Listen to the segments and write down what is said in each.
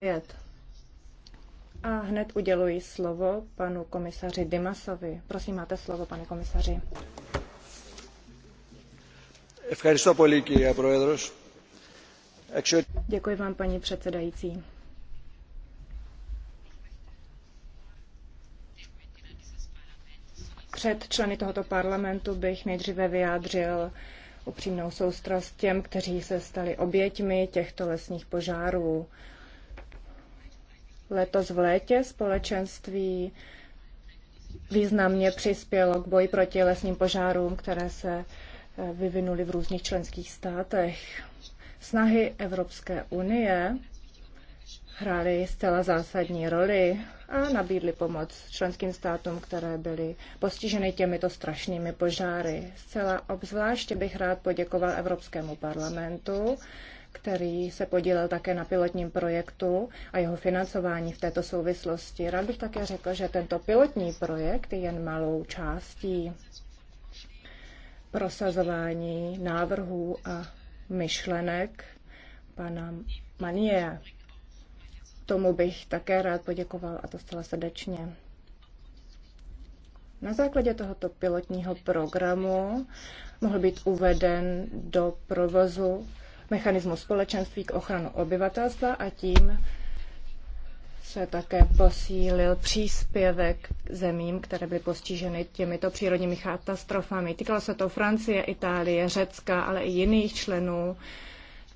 Pět. A hned uděluji slovo panu komisaři Dimasovi. Prosím, máte slovo, pane komisaři. Děkuji vám, paní předsedající. Před členy tohoto parlamentu bych nejdříve vyjádřil upřímnou soustrast těm, kteří se stali oběťmi těchto lesních požárů. Letos v létě společenství významně přispělo k boji proti lesním požárům, které se eh, vyvinuly v různých členských státech. Snahy Evropské unie hrály zcela zásadní roli a nabídly pomoc členským státům, které byly postiženy těmito strašnými požáry. Zcela obzvláště bych rád poděkoval Evropskému parlamentu který se podílel také na pilotním projektu a jeho financování v této souvislosti. Rád bych také řekl, že tento pilotní projekt je jen malou částí prosazování návrhů a myšlenek pana Manie. Tomu bych také rád poděkoval a to zcela srdečně. Na základě tohoto pilotního programu mohl být uveden do provozu mechanismu společenství k ochranu obyvatelstva a tím se také posílil příspěvek zemím, které byly postiženy těmito přírodními katastrofami. Týkalo se to Francie, Itálie, Řecka, ale i jiných členů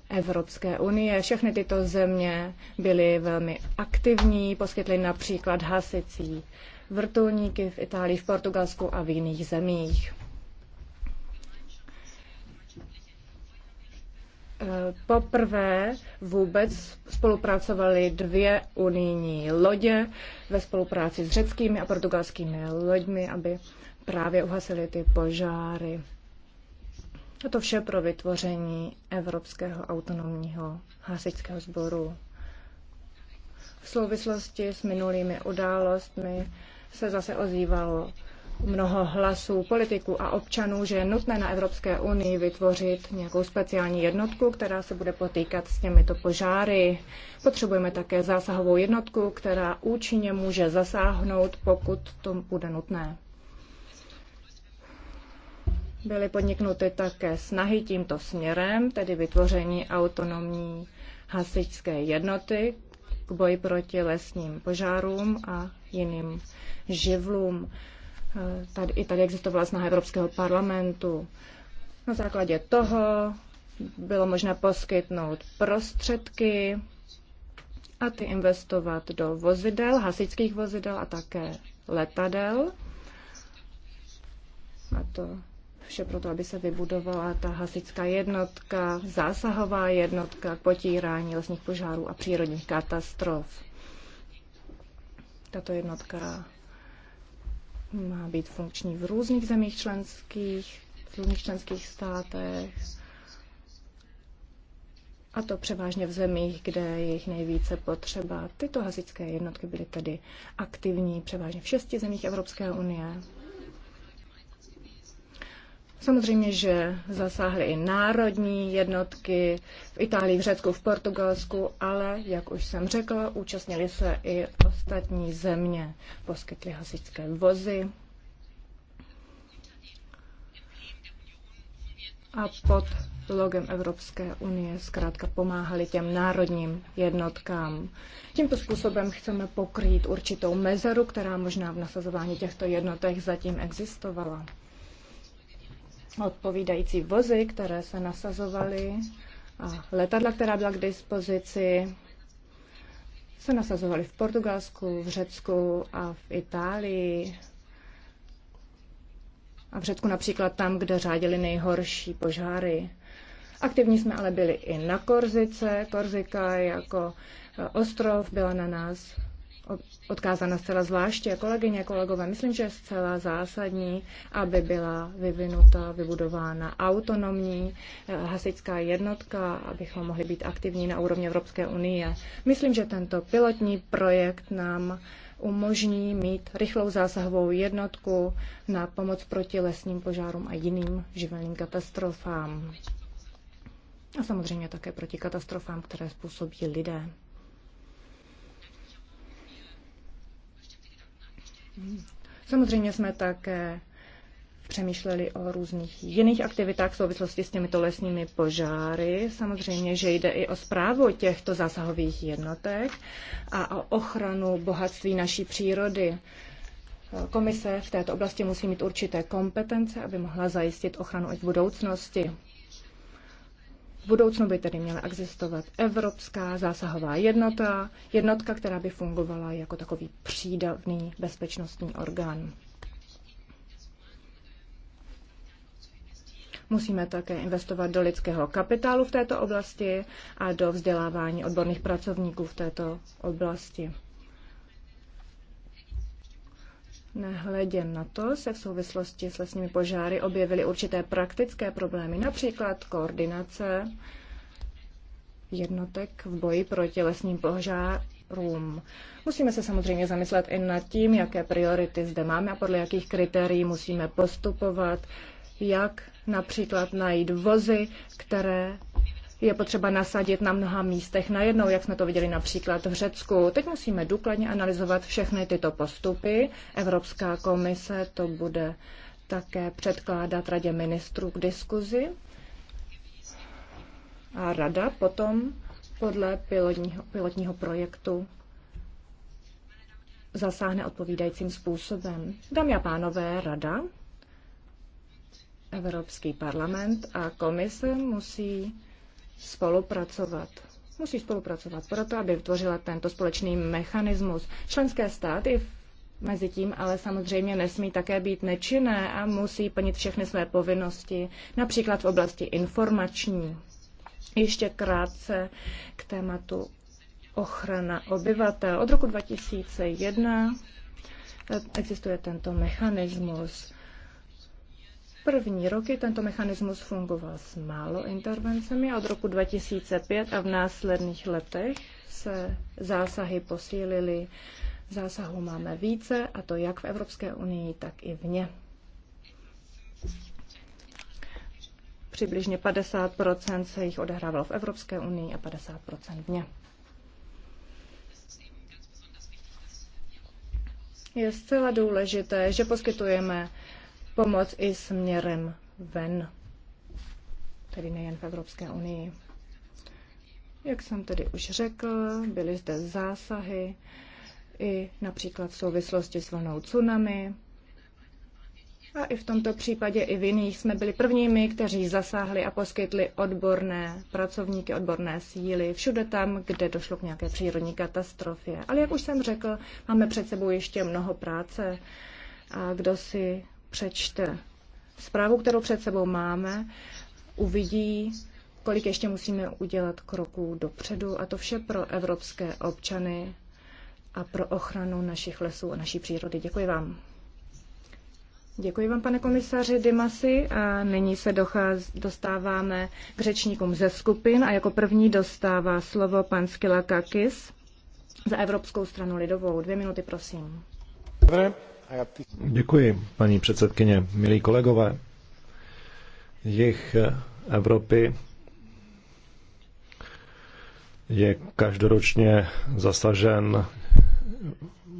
Evropské unie. Všechny tyto země byly velmi aktivní, poskytly například hasicí vrtulníky v Itálii, v Portugalsku a v jiných zemích. Poprvé vůbec spolupracovaly dvě unijní lodě ve spolupráci s řeckými a portugalskými loďmi, aby právě uhasily ty požáry. A to vše pro vytvoření Evropského autonomního hasičského sboru. V souvislosti s minulými událostmi se zase ozývalo mnoho hlasů politiků a občanů, že je nutné na Evropské unii vytvořit nějakou speciální jednotku, která se bude potýkat s těmito požáry. Potřebujeme také zásahovou jednotku, která účinně může zasáhnout, pokud to bude nutné. Byly podniknuty také snahy tímto směrem, tedy vytvoření autonomní hasičské jednoty k boji proti lesním požárům a jiným živlům. Tady, I tady existovala snaha Evropského parlamentu. Na základě toho bylo možné poskytnout prostředky a ty investovat do vozidel, hasičských vozidel a také letadel. A to vše proto, aby se vybudovala ta hasičská jednotka, zásahová jednotka k potírání lesních požárů a přírodních katastrof. Tato jednotka má být funkční v různých zemích členských, v různých členských státech, a to převážně v zemích, kde je jich nejvíce potřeba. Tyto hasičské jednotky byly tedy aktivní převážně v šesti zemích Evropské unie. Samozřejmě, že zasáhly i národní jednotky v Itálii, v Řecku, v Portugalsku, ale, jak už jsem řekla, účastnili se i ostatní země. Poskytly hasičské vozy. A pod logem Evropské unie zkrátka pomáhali těm národním jednotkám. Tímto způsobem chceme pokrýt určitou mezeru, která možná v nasazování těchto jednotek zatím existovala odpovídající vozy, které se nasazovaly a letadla, která byla k dispozici, se nasazovaly v Portugalsku, v Řecku a v Itálii. A v Řecku například tam, kde řádily nejhorší požáry. Aktivní jsme ale byli i na Korzice. Korzika jako e, ostrov byla na nás odkázána zcela zvláště. Kolegyně, kolegové, myslím, že je zcela zásadní, aby byla vyvinuta, vybudována autonomní eh, hasičská jednotka, abychom mohli být aktivní na úrovni Evropské unie. Myslím, že tento pilotní projekt nám umožní mít rychlou zásahovou jednotku na pomoc proti lesním požárům a jiným živelným katastrofám. A samozřejmě také proti katastrofám, které způsobí lidé. Samozřejmě jsme také přemýšleli o různých jiných aktivitách v souvislosti s těmito lesními požáry. Samozřejmě, že jde i o zprávu těchto zásahových jednotek a o ochranu bohatství naší přírody. Komise v této oblasti musí mít určité kompetence, aby mohla zajistit ochranu i v budoucnosti. V budoucnu by tedy měla existovat evropská zásahová jednota, jednotka, která by fungovala jako takový přídavný bezpečnostní orgán. Musíme také investovat do lidského kapitálu v této oblasti a do vzdělávání odborných pracovníků v této oblasti. Nehledě na to se v souvislosti s lesními požáry objevily určité praktické problémy, například koordinace jednotek v boji proti lesním požárům. Musíme se samozřejmě zamyslet i nad tím, jaké priority zde máme a podle jakých kritérií musíme postupovat, jak například najít vozy, které je potřeba nasadit na mnoha místech najednou, jak jsme to viděli například v Řecku. Teď musíme důkladně analyzovat všechny tyto postupy. Evropská komise to bude také předkládat radě ministrů k diskuzi. A rada potom podle pilotního, pilotního projektu zasáhne odpovídajícím způsobem. Dámy a pánové, rada, Evropský parlament a komise musí spolupracovat. Musí spolupracovat proto, aby vytvořila tento společný mechanismus. Členské státy mezi tím ale samozřejmě nesmí také být nečinné a musí plnit všechny své povinnosti, například v oblasti informační. Ještě krátce k tématu ochrana obyvatel. Od roku 2001 existuje tento mechanismus. První roky tento mechanismus fungoval s málo intervencemi od roku 2005 a v následných letech se zásahy posílily. Zásahů máme více, a to jak v Evropské unii, tak i vně. Přibližně 50 se jich odehrávalo v Evropské unii a 50 vně. Je zcela důležité, že poskytujeme pomoc i směrem ven, tedy nejen v Evropské unii. Jak jsem tedy už řekl, byly zde zásahy i například v souvislosti s vlnou tsunami. A i v tomto případě, i v jiných, jsme byli prvními, kteří zasáhli a poskytli odborné pracovníky, odborné síly všude tam, kde došlo k nějaké přírodní katastrofě. Ale jak už jsem řekl, máme před sebou ještě mnoho práce. A kdo si přečte zprávu, kterou před sebou máme, uvidí, kolik ještě musíme udělat kroků dopředu a to vše pro evropské občany a pro ochranu našich lesů a naší přírody. Děkuji vám. Děkuji vám, pane komisaři Dimasi. A nyní se docház, dostáváme k řečníkům ze skupin a jako první dostává slovo pan Skila Kakis za Evropskou stranu lidovou. Dvě minuty, prosím. Děkuji, paní předsedkyně, milí kolegové. Jich Evropy je každoročně zasažen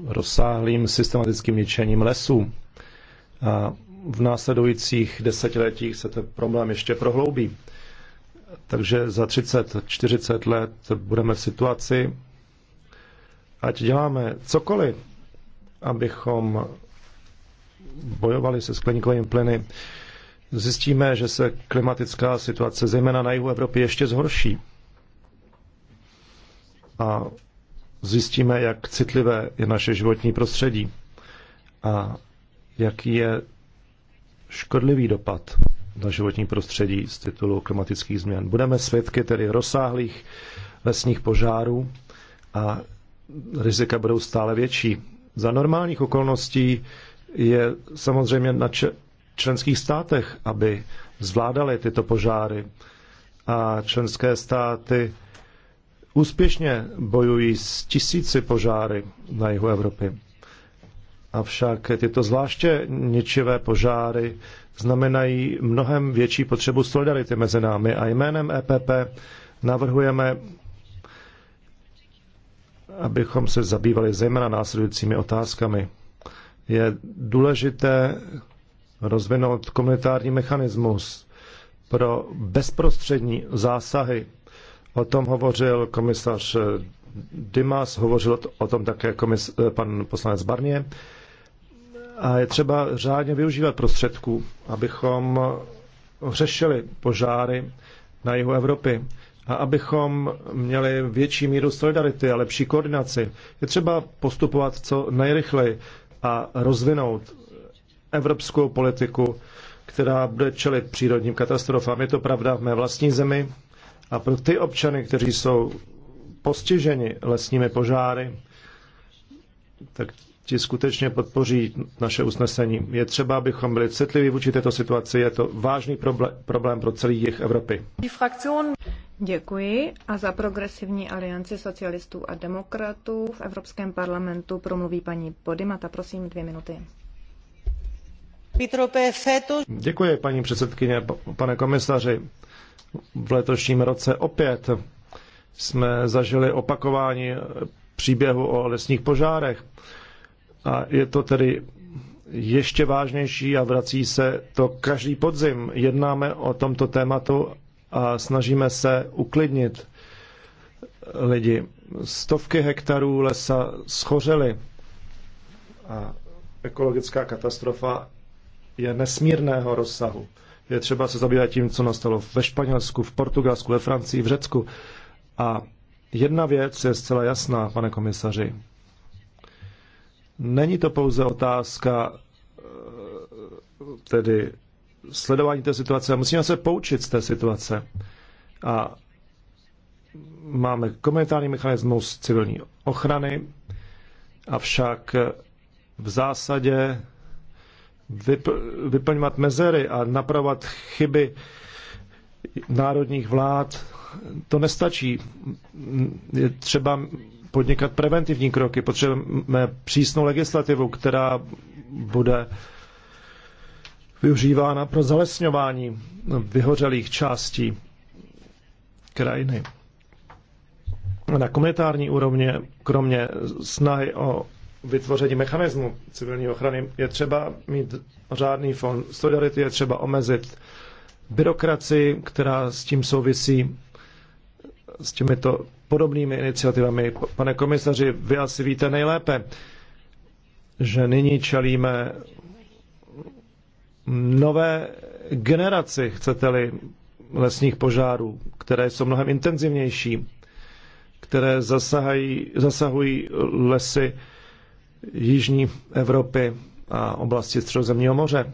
rozsáhlým systematickým ničením lesů. A v následujících desetiletích se ten problém ještě prohloubí. Takže za 30-40 let budeme v situaci, ať děláme cokoliv, abychom bojovali se skleníkovými plyny, zjistíme, že se klimatická situace zejména na jihu Evropy ještě zhorší. A zjistíme, jak citlivé je naše životní prostředí a jaký je škodlivý dopad na životní prostředí z titulu klimatických změn. Budeme svědky tedy rozsáhlých lesních požárů a rizika budou stále větší za normálních okolností je samozřejmě na členských státech, aby zvládali tyto požáry. A členské státy úspěšně bojují s tisíci požáry na jihu Evropy. Avšak tyto zvláště ničivé požáry znamenají mnohem větší potřebu solidarity mezi námi a jménem EPP navrhujeme abychom se zabývali zejména následujícími otázkami. Je důležité rozvinout komunitární mechanismus pro bezprostřední zásahy. O tom hovořil komisař Dimas, hovořil o tom také komis, pan poslanec Barnier. A je třeba řádně využívat prostředků, abychom řešili požáry na jihu Evropy a abychom měli větší míru solidarity a lepší koordinaci, je třeba postupovat co nejrychleji a rozvinout evropskou politiku, která bude čelit přírodním katastrofám. Je to pravda v mé vlastní zemi a pro ty občany, kteří jsou postiženi lesními požáry, tak ti skutečně podpoří naše usnesení. Je třeba, abychom byli citliví vůči této situaci. Je to vážný problém pro celý jich Evropy. Děkuji a za progresivní alianci socialistů a demokratů v Evropském parlamentu promluví paní Podimata. Prosím, dvě minuty. Děkuji, paní předsedkyně, pane komisaři. V letošním roce opět jsme zažili opakování příběhu o lesních požárech. A je to tedy ještě vážnější a vrací se to každý podzim. Jednáme o tomto tématu a snažíme se uklidnit lidi. Stovky hektarů lesa schořely a ekologická katastrofa je nesmírného rozsahu. Je třeba se zabývat tím, co nastalo ve Španělsku, v Portugalsku, ve Francii, v Řecku. A jedna věc je zcela jasná, pane komisaři. Není to pouze otázka eh, tedy sledování té situace. Musíme se poučit z té situace. A máme komentární mechanismus civilní ochrany, avšak v zásadě vyplňovat mezery a napravovat chyby národních vlád, to nestačí. Je třeba podnikat preventivní kroky. Potřebujeme přísnou legislativu, která bude využívána pro zalesňování vyhořelých částí krajiny. Na komunitární úrovně, kromě snahy o vytvoření mechanismu civilní ochrany, je třeba mít řádný fond solidarity, je třeba omezit byrokracii, která s tím souvisí, s těmito podobnými iniciativami. Pane komisaři, vy asi víte nejlépe, že nyní čelíme nové generaci, chcete-li, lesních požárů, které jsou mnohem intenzivnější, které zasahají, zasahují lesy Jižní Evropy a oblasti Středozemního moře.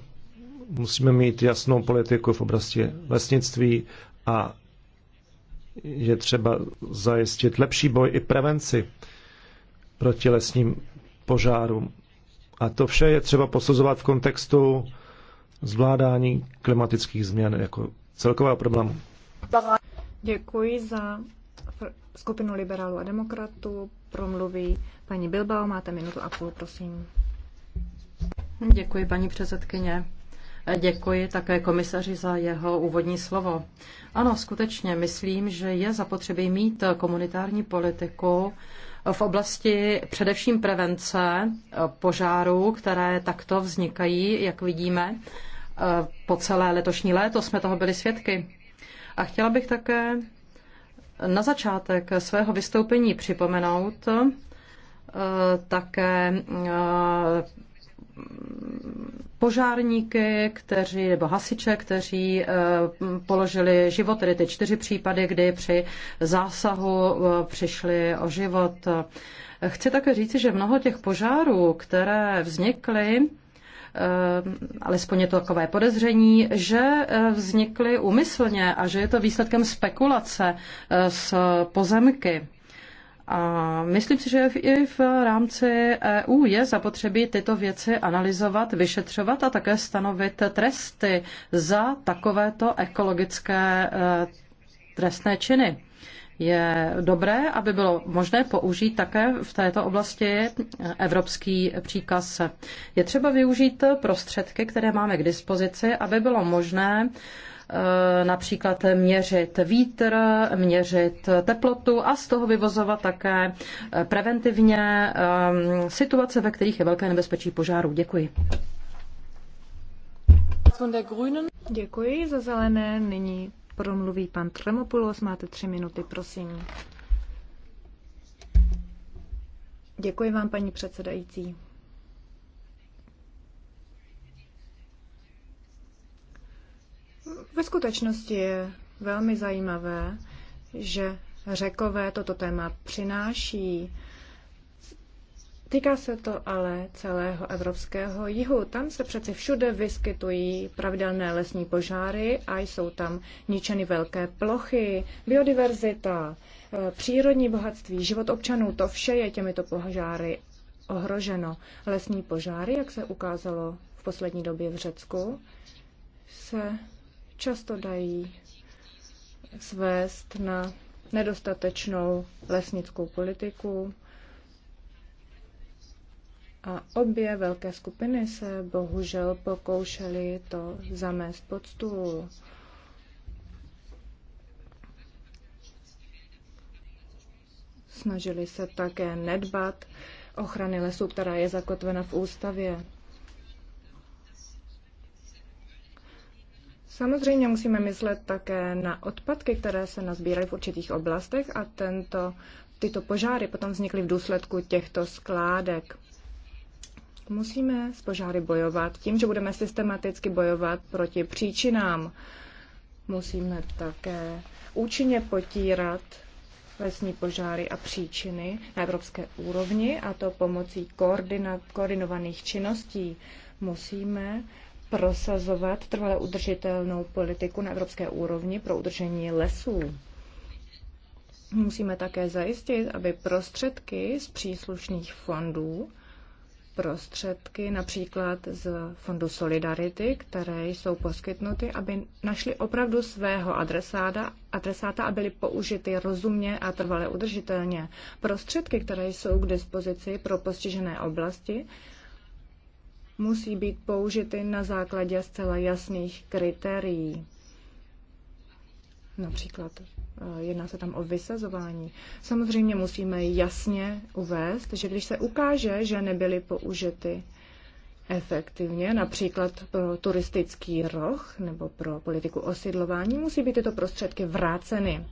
Musíme mít jasnou politiku v oblasti lesnictví a je třeba zajistit lepší boj i prevenci proti lesním požárům. A to vše je třeba posuzovat v kontextu zvládání klimatických změn jako celkového problému. Děkuji za skupinu liberálů a demokratů. Promluví paní Bilbao, máte minutu a půl, prosím. Děkuji, paní předsedkyně. Děkuji také komisaři za jeho úvodní slovo. Ano, skutečně myslím, že je zapotřebí mít komunitární politiku v oblasti především prevence požárů, které takto vznikají, jak vidíme. Po celé letošní léto jsme toho byli svědky. A chtěla bych také na začátek svého vystoupení připomenout eh, také eh, požárníky, kteří, nebo hasiče, kteří eh, položili život, tedy ty čtyři případy, kdy při zásahu eh, přišli o život. Chci také říci, že mnoho těch požárů, které vznikly, eh, alespoň je to takové podezření, že vznikly úmyslně a že je to výsledkem spekulace s pozemky. A myslím si, že i v rámci EU je zapotřebí tyto věci analyzovat, vyšetřovat a také stanovit tresty za takovéto ekologické e, trestné činy. Je dobré, aby bylo možné použít také v této oblasti evropský příkaz. Je třeba využít prostředky, které máme k dispozici, aby bylo možné Eh, například měřit vítr, měřit teplotu a z toho vyvozovat také eh, preventivně eh, situace, ve kterých je velké nebezpečí požáru. Děkuji. Děkuji za zelené. Nyní promluví pan Tremopoulos. Máte tři minuty, prosím. Děkuji vám, paní předsedající. Ve skutečnosti je velmi zajímavé, že řekové toto téma přináší. Týká se to ale celého evropského jihu. Tam se přece všude vyskytují pravidelné lesní požáry a jsou tam ničeny velké plochy, biodiverzita, eh, přírodní bohatství, život občanů, to vše je těmito požáry ohroženo. Lesní požáry, jak se ukázalo v poslední době v Řecku, se často dají svést na nedostatečnou lesnickou politiku. A obě velké skupiny se bohužel pokoušely to zamést pod stůl. Snažili se také nedbat ochrany lesů, která je zakotvena v ústavě. Samozřejmě musíme myslet také na odpadky, které se nazbíraly v určitých oblastech a tento, tyto požáry potom vznikly v důsledku těchto skládek. Musíme s požáry bojovat tím, že budeme systematicky bojovat proti příčinám. Musíme také účinně potírat lesní požáry a příčiny na evropské úrovni, a to pomocí koordinovaných činností. Musíme prosazovat trvale udržitelnou politiku na evropské úrovni pro udržení lesů. Musíme také zajistit, aby prostředky z příslušných fondů, prostředky například z Fondu Solidarity, které jsou poskytnuty, aby našli opravdu svého adresáda, adresáta a byly použity rozumně a trvale udržitelně. Prostředky, které jsou k dispozici pro postižené oblasti, musí být použity na základě zcela jasných kritérií. Například eh, jedná se tam o vysazování. Samozřejmě musíme jasně uvést, že když se ukáže, že nebyly použity efektivně, například pro turistický roh nebo pro politiku osidlování, musí být tyto prostředky vráceny.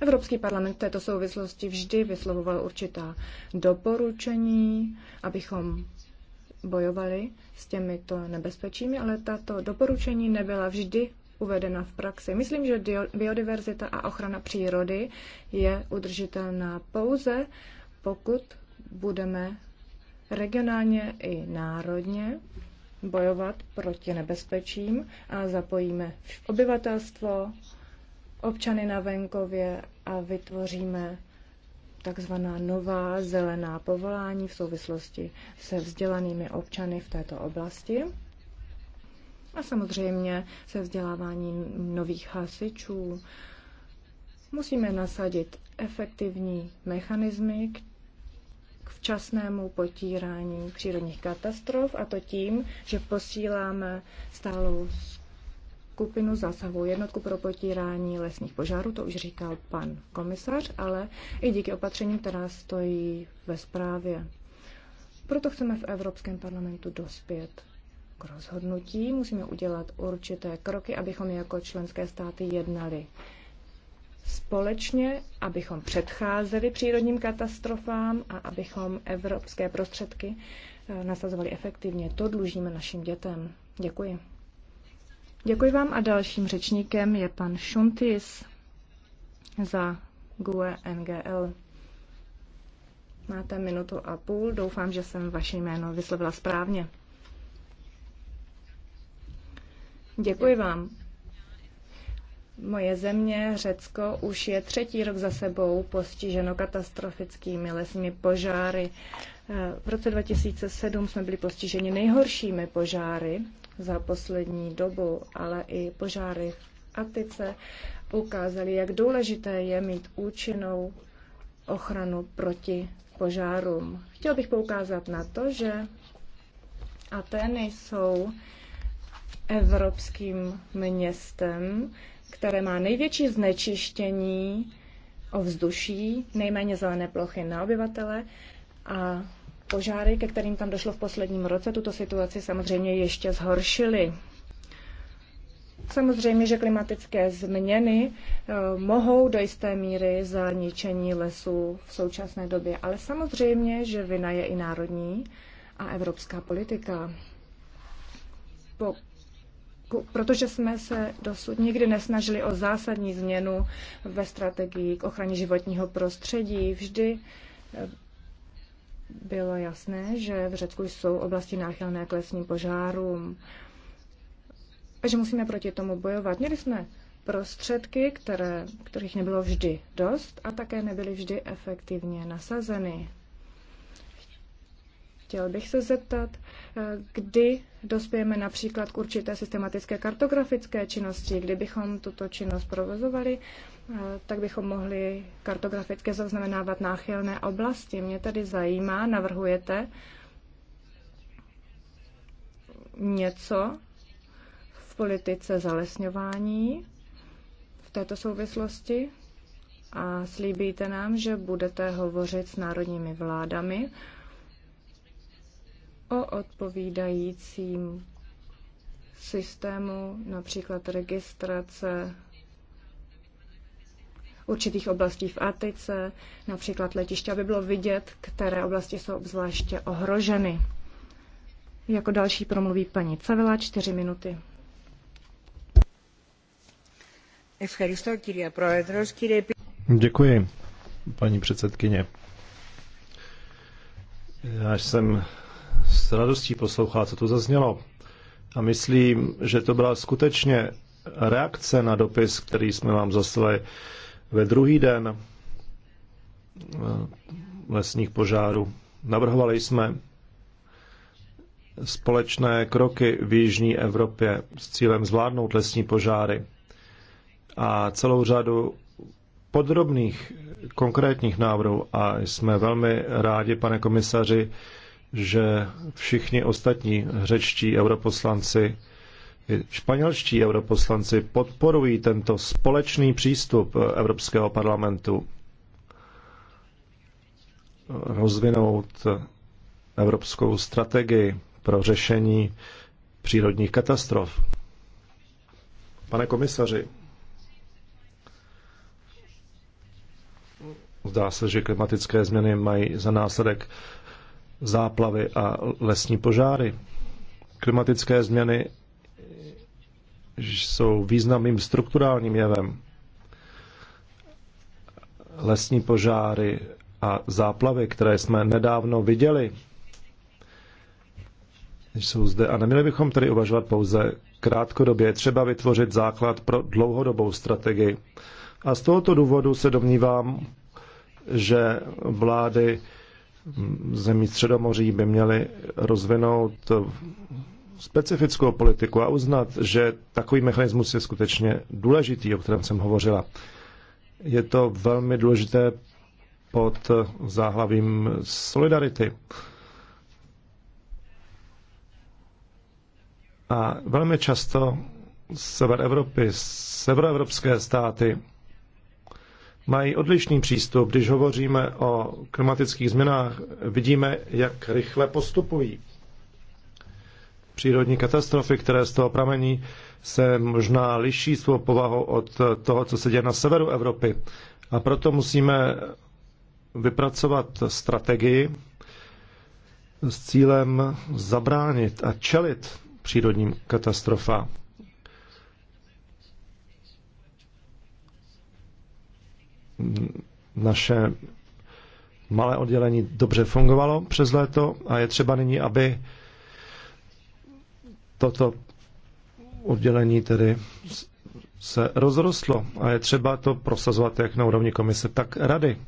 Evropský parlament v této souvislosti vždy vyslovoval určitá doporučení, abychom bojovali s těmito nebezpečími, ale tato doporučení nebyla vždy uvedena v praxi. Myslím, že biodiverzita a ochrana přírody je udržitelná pouze, pokud budeme regionálně i národně bojovat proti nebezpečím a zapojíme obyvatelstvo, občany na venkově a vytvoříme takzvaná nová zelená povolání v souvislosti se vzdělanými občany v této oblasti. A samozřejmě se vzděláváním nových hasičů musíme nasadit efektivní mechanismy k včasnému potírání přírodních katastrof a to tím, že posíláme stálou skupinu zásahovou jednotku pro potírání lesních požárů, to už říkal pan komisař, ale i díky opatřením, která stojí ve zprávě. Proto chceme v Evropském parlamentu dospět k rozhodnutí. Musíme udělat určité kroky, abychom jako členské státy jednali společně, abychom předcházeli přírodním katastrofám a abychom evropské prostředky eh, nasazovali efektivně. To dlužíme našim dětem. Děkuji. Děkuji vám a dalším řečníkem je pan Šuntis za GUE NGL. Máte minutu a půl. Doufám, že jsem vaše jméno vyslovila správně. Děkuji vám. Moje země, Řecko, už je třetí rok za sebou postiženo katastrofickými lesními požáry. V roce 2007 jsme byli postiženi nejhoršími požáry za poslední dobu, ale i požáry v Atice ukázaly, jak důležité je mít účinnou ochranu proti požárům. Chtěl bych poukázat na to, že Ateny jsou evropským městem, které má největší znečištění ovzduší, nejméně zelené plochy na obyvatele a požáry, ke kterým tam došlo v posledním roce, tuto situaci samozřejmě ještě zhoršily. Samozřejmě, že klimatické změny eh, mohou do jisté míry za ničení lesů v současné době, ale samozřejmě, že vina je i národní a evropská politika. Po, protože jsme se dosud nikdy nesnažili o zásadní změnu ve strategii k ochraně životního prostředí, vždy eh, bylo jasné, že v Řecku jsou oblasti náchylné k lesním požárům a že musíme proti tomu bojovat. Měli jsme prostředky, které, kterých nebylo vždy dost a také nebyly vždy efektivně nasazeny. Chtěl bych se zeptat, eh, kdy dospějeme například k určité systematické kartografické činnosti, kdybychom tuto činnost provozovali tak bychom mohli kartograficky zaznamenávat náchylné oblasti. Mě tady zajímá, navrhujete něco v politice zalesňování v této souvislosti a slíbíte nám, že budete hovořit s národními vládami o odpovídajícím systému, například registrace určitých oblastí v Atice, například letiště, aby bylo vidět, které oblasti jsou obzvláště ohroženy. Jako další promluví paní Cavila, čtyři minuty. Děkuji, paní předsedkyně. Já jsem s radostí poslouchal, co tu zaznělo. A myslím, že to byla skutečně reakce na dopis, který jsme vám zaslali ve druhý den eh, lesních požárů. Navrhovali jsme společné kroky v jižní Evropě s cílem zvládnout lesní požáry a celou řadu podrobných konkrétních návrhů a jsme velmi rádi, pane komisaři, že všichni ostatní řečtí europoslanci španělští europoslanci podporují tento společný přístup eh, Evropského parlamentu rozvinout eh, evropskou strategii pro řešení přírodních katastrof. Pane komisaři, zdá se, že klimatické změny mají za následek záplavy a lesní požáry. Klimatické změny jsou významným strukturálním jevem. Lesní požáry a záplavy, které jsme nedávno viděli, jsou zde. A neměli bychom tedy uvažovat pouze krátkodobě. Třeba vytvořit základ pro dlouhodobou strategii. A z tohoto důvodu se domnívám, že vlády zemí Středomoří by měly rozvinout specifickou politiku a uznat, že takový mechanismus je skutečně důležitý, o kterém jsem hovořila. Je to velmi důležité pod záhlavím solidarity. A velmi často sever Evropy, severoevropské státy mají odlišný přístup. Když hovoříme o klimatických změnách, vidíme, jak rychle postupují přírodní katastrofy, které z toho pramení, se možná liší svou povahou od toho, co se děje na severu Evropy. A proto musíme vypracovat strategii s cílem zabránit a čelit přírodním katastrofám. Naše malé oddělení dobře fungovalo přes léto a je třeba nyní, aby toto oddělení tedy se rozrostlo a je třeba to prosazovat jak na úrovni komise, tak rady.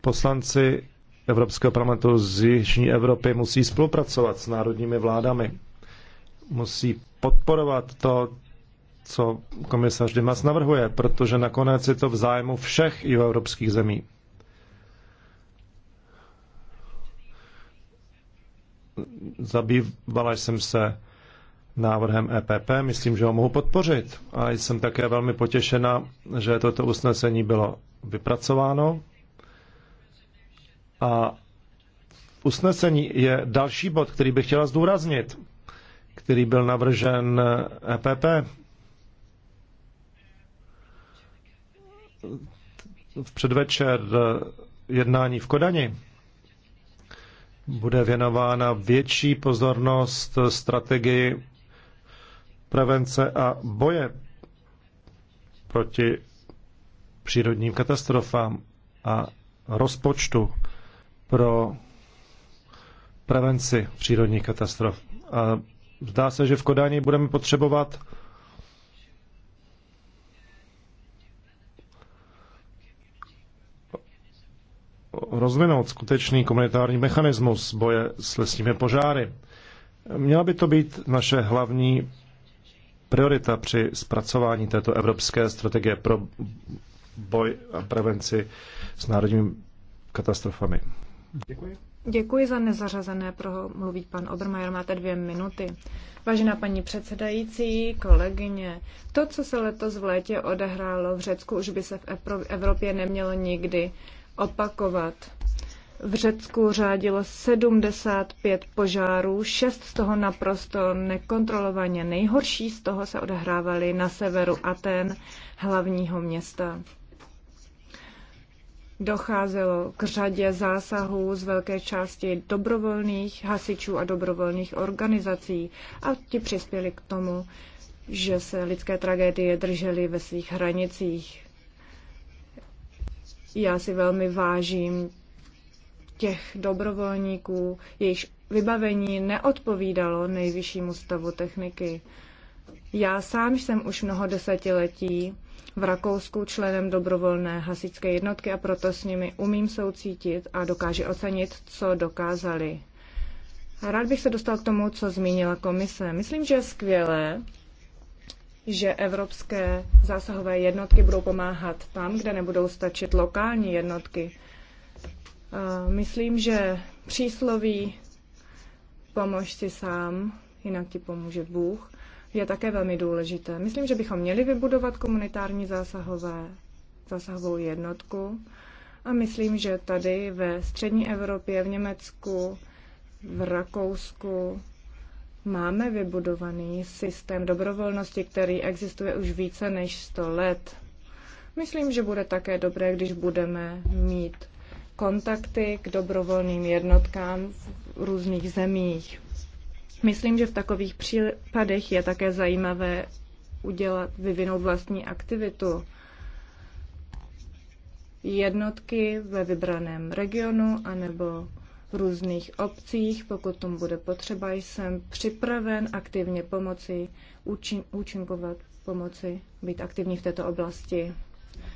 Poslanci Evropského parlamentu z Jižní Evropy musí spolupracovat s národními vládami. Musí podporovat to, co komisař Dimas navrhuje, protože nakonec je to v zájmu všech i evropských zemí. zabývala jsem se návrhem EPP, myslím, že ho mohu podpořit. A jsem také velmi potěšena, že toto usnesení bylo vypracováno. A v usnesení je další bod, který bych chtěla zdůraznit, který byl navržen EPP. V předvečer jednání v Kodani bude věnována větší pozornost strategii prevence a boje proti přírodním katastrofám a rozpočtu pro prevenci přírodních katastrof. A zdá se, že v Kodani budeme potřebovat rozvinout skutečný komunitární mechanismus boje s lesními požáry. Měla by to být naše hlavní priorita při zpracování této evropské strategie pro boj a prevenci s národními katastrofami. Děkuji. Děkuji za nezařazené, promluví pan Obermajer, máte dvě minuty. Vážená paní předsedající, kolegyně, to, co se letos v létě odehrálo v Řecku, už by se v Evropě nemělo nikdy opakovat. V Řecku řádilo 75 požárů, šest z toho naprosto nekontrolovaně. Nejhorší z toho se odehrávaly na severu Aten, hlavního města. Docházelo k řadě zásahů z velké části dobrovolných hasičů a dobrovolných organizací a ti přispěli k tomu, že se lidské tragédie držely ve svých hranicích. Já si velmi vážím těch dobrovolníků, jejichž vybavení neodpovídalo nejvyššímu stavu techniky. Já sám jsem už mnoho desetiletí v Rakousku členem dobrovolné hasičské jednotky a proto s nimi umím soucítit a dokáže ocenit, co dokázali. Rád bych se dostal k tomu, co zmínila komise. Myslím, že je skvělé, že evropské zásahové jednotky budou pomáhat tam, kde nebudou stačit lokální jednotky. Myslím, že přísloví pomož si sám, jinak ti pomůže Bůh, je také velmi důležité. Myslím, že bychom měli vybudovat komunitární zásahové, zásahovou jednotku a myslím, že tady ve střední Evropě, v Německu, v Rakousku, Máme vybudovaný systém dobrovolnosti, který existuje už více než 100 let. Myslím, že bude také dobré, když budeme mít kontakty k dobrovolným jednotkám v různých zemích. Myslím, že v takových případech je také zajímavé udělat, vyvinout vlastní aktivitu. Jednotky ve vybraném regionu anebo různých obcích. Pokud tomu bude potřeba, jsem připraven aktivně pomoci, účin, účinkovat pomoci, být aktivní v této oblasti.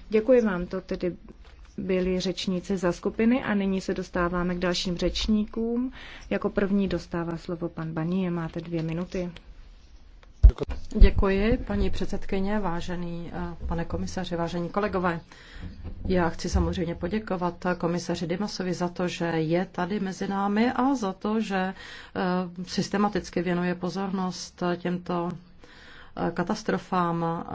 Děkuji vám, to tedy byli řečníci za skupiny a nyní se dostáváme k dalším řečníkům. Jako první dostává slovo pan Baníje, máte dvě minuty. Děkuji, paní předsedkyně, vážený eh, pane komisaři, vážení kolegové. Já chci samozřejmě poděkovat komisaři Dimasovi za to, že je tady mezi námi a za to, že eh, systematicky věnuje pozornost těmto katastrofám. Eh,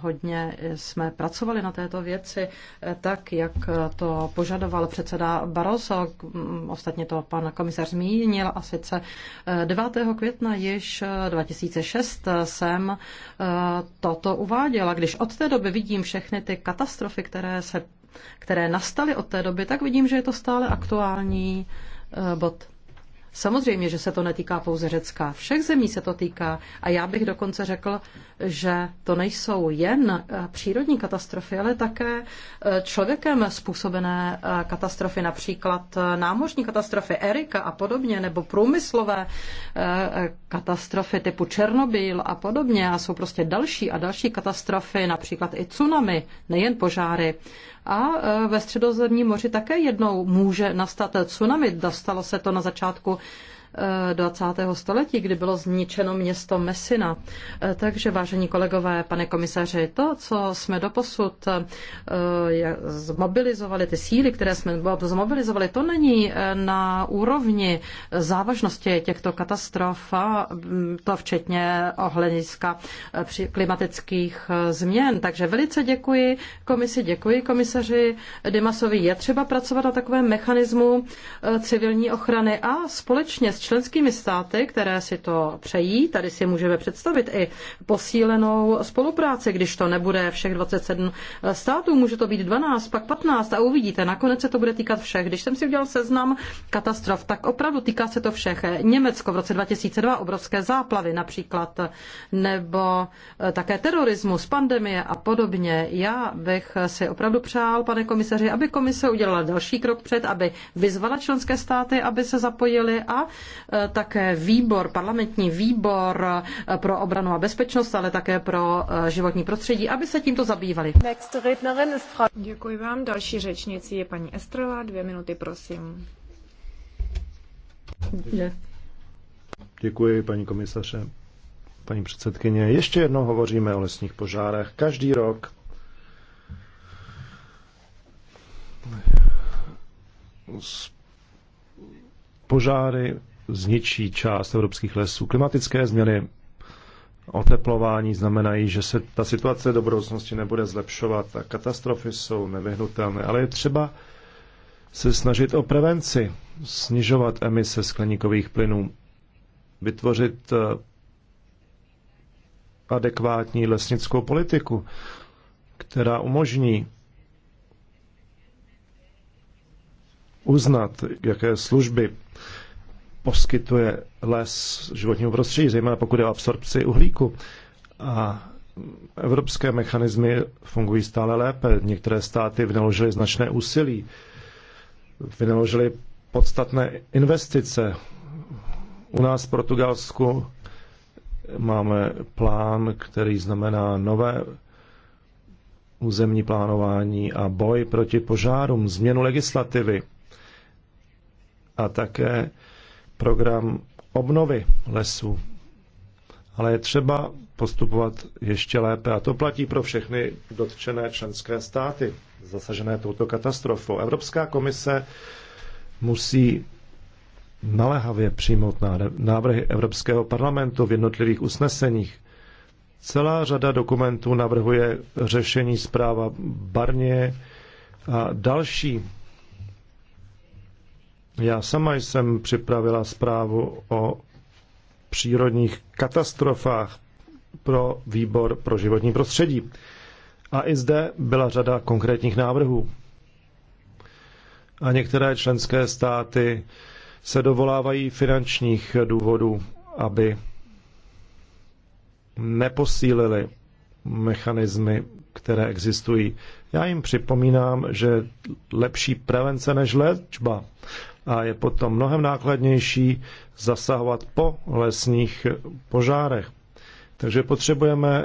hodně jsme pracovali na této věci, eh, tak jak to požadoval předseda Barroso, mm, ostatně to pan komisař zmínil, a sice 9. Eh, května již 2006 jsem toto uváděla. Když od té doby vidím všechny ty katastrofy, které, se, které nastaly od té doby, tak vidím, že je to stále aktuální bod. Samozřejmě, že se to netýká pouze Řecka. Všech zemí se to týká. A já bych dokonce řekl, že to nejsou jen eh, přírodní katastrofy, ale také eh, člověkem způsobené eh, katastrofy, například námořní katastrofy Erika a podobně, nebo průmyslové katastrofy typu Černobyl a podobně. A jsou prostě další a další katastrofy, například i tsunami, nejen požáry. A e, ve středozemním moři také jednou může nastat tsunami. Dostalo se to na začátku 20. Eh, století, kdy bylo zničeno město Messina. Eh, takže, vážení kolegové, pane komisaři, to, co jsme doposud eh, zmobilizovali, ty síly, které jsme zmobilizovali, to není na úrovni závažnosti těchto katastrof, mm, to včetně ohlediska klimatických změn. Takže velice děkuji komisi, děkuji komisaři Dimasovi. Je třeba pracovat na takovém mechanismu civilní ochrany a společně s členskými státy, které si to přejí. Tady si můžeme představit i posílenou spolupráci, když to nebude všech 27 států, může to být 12, pak 15 a uvidíte, nakonec se to bude týkat všech. Když jsem si udělal seznam katastrof, tak opravdu týká se to všech. Německo v roce 2002, obrovské záplavy například, nebo eh, také terorismus, pandemie a podobně. Já bych si opravdu přál, pane komisaři, aby komise udělala další krok před, aby vyzvala členské státy, aby se zapojili a Eh, také výbor, parlamentní výbor eh, pro obranu a bezpečnost, ale také pro eh, životní prostředí, aby se tímto zabývali. Děkuji vám. Další řečnicí je paní Estrela. Dvě minuty, prosím. Děkuji, paní komisaře. Paní předsedkyně, ještě jednou hovoříme o lesních požárech. Každý rok požáry zničí část evropských lesů. Klimatické změny oteplování znamenají, že se ta situace do budoucnosti nebude zlepšovat a katastrofy jsou nevyhnutelné, ale je třeba se snažit o prevenci, snižovat emise skleníkových plynů, vytvořit eh, adekvátní lesnickou politiku, která umožní uznat, jaké služby poskytuje les životního prostředí, zejména pokud je o absorpci uhlíku. A evropské mechanismy fungují stále lépe. Některé státy vynaložily značné úsilí, vynaložily podstatné investice. U nás v Portugalsku máme plán, který znamená nové územní plánování a boj proti požárům, změnu legislativy a také program obnovy lesů. Ale je třeba postupovat ještě lépe a to platí pro všechny dotčené členské státy zasažené touto katastrofou. Evropská komise musí naléhavě přijmout návrhy Evropského parlamentu v jednotlivých usneseních. Celá řada dokumentů navrhuje řešení zpráva Barně a další já sama jsem připravila zprávu o přírodních katastrofách pro výbor pro životní prostředí. A i zde byla řada konkrétních návrhů. A některé členské státy se dovolávají finančních důvodů, aby neposílili mechanismy, které existují. Já jim připomínám, že lepší prevence než léčba a je potom mnohem nákladnější zasahovat po lesních požárech. Takže potřebujeme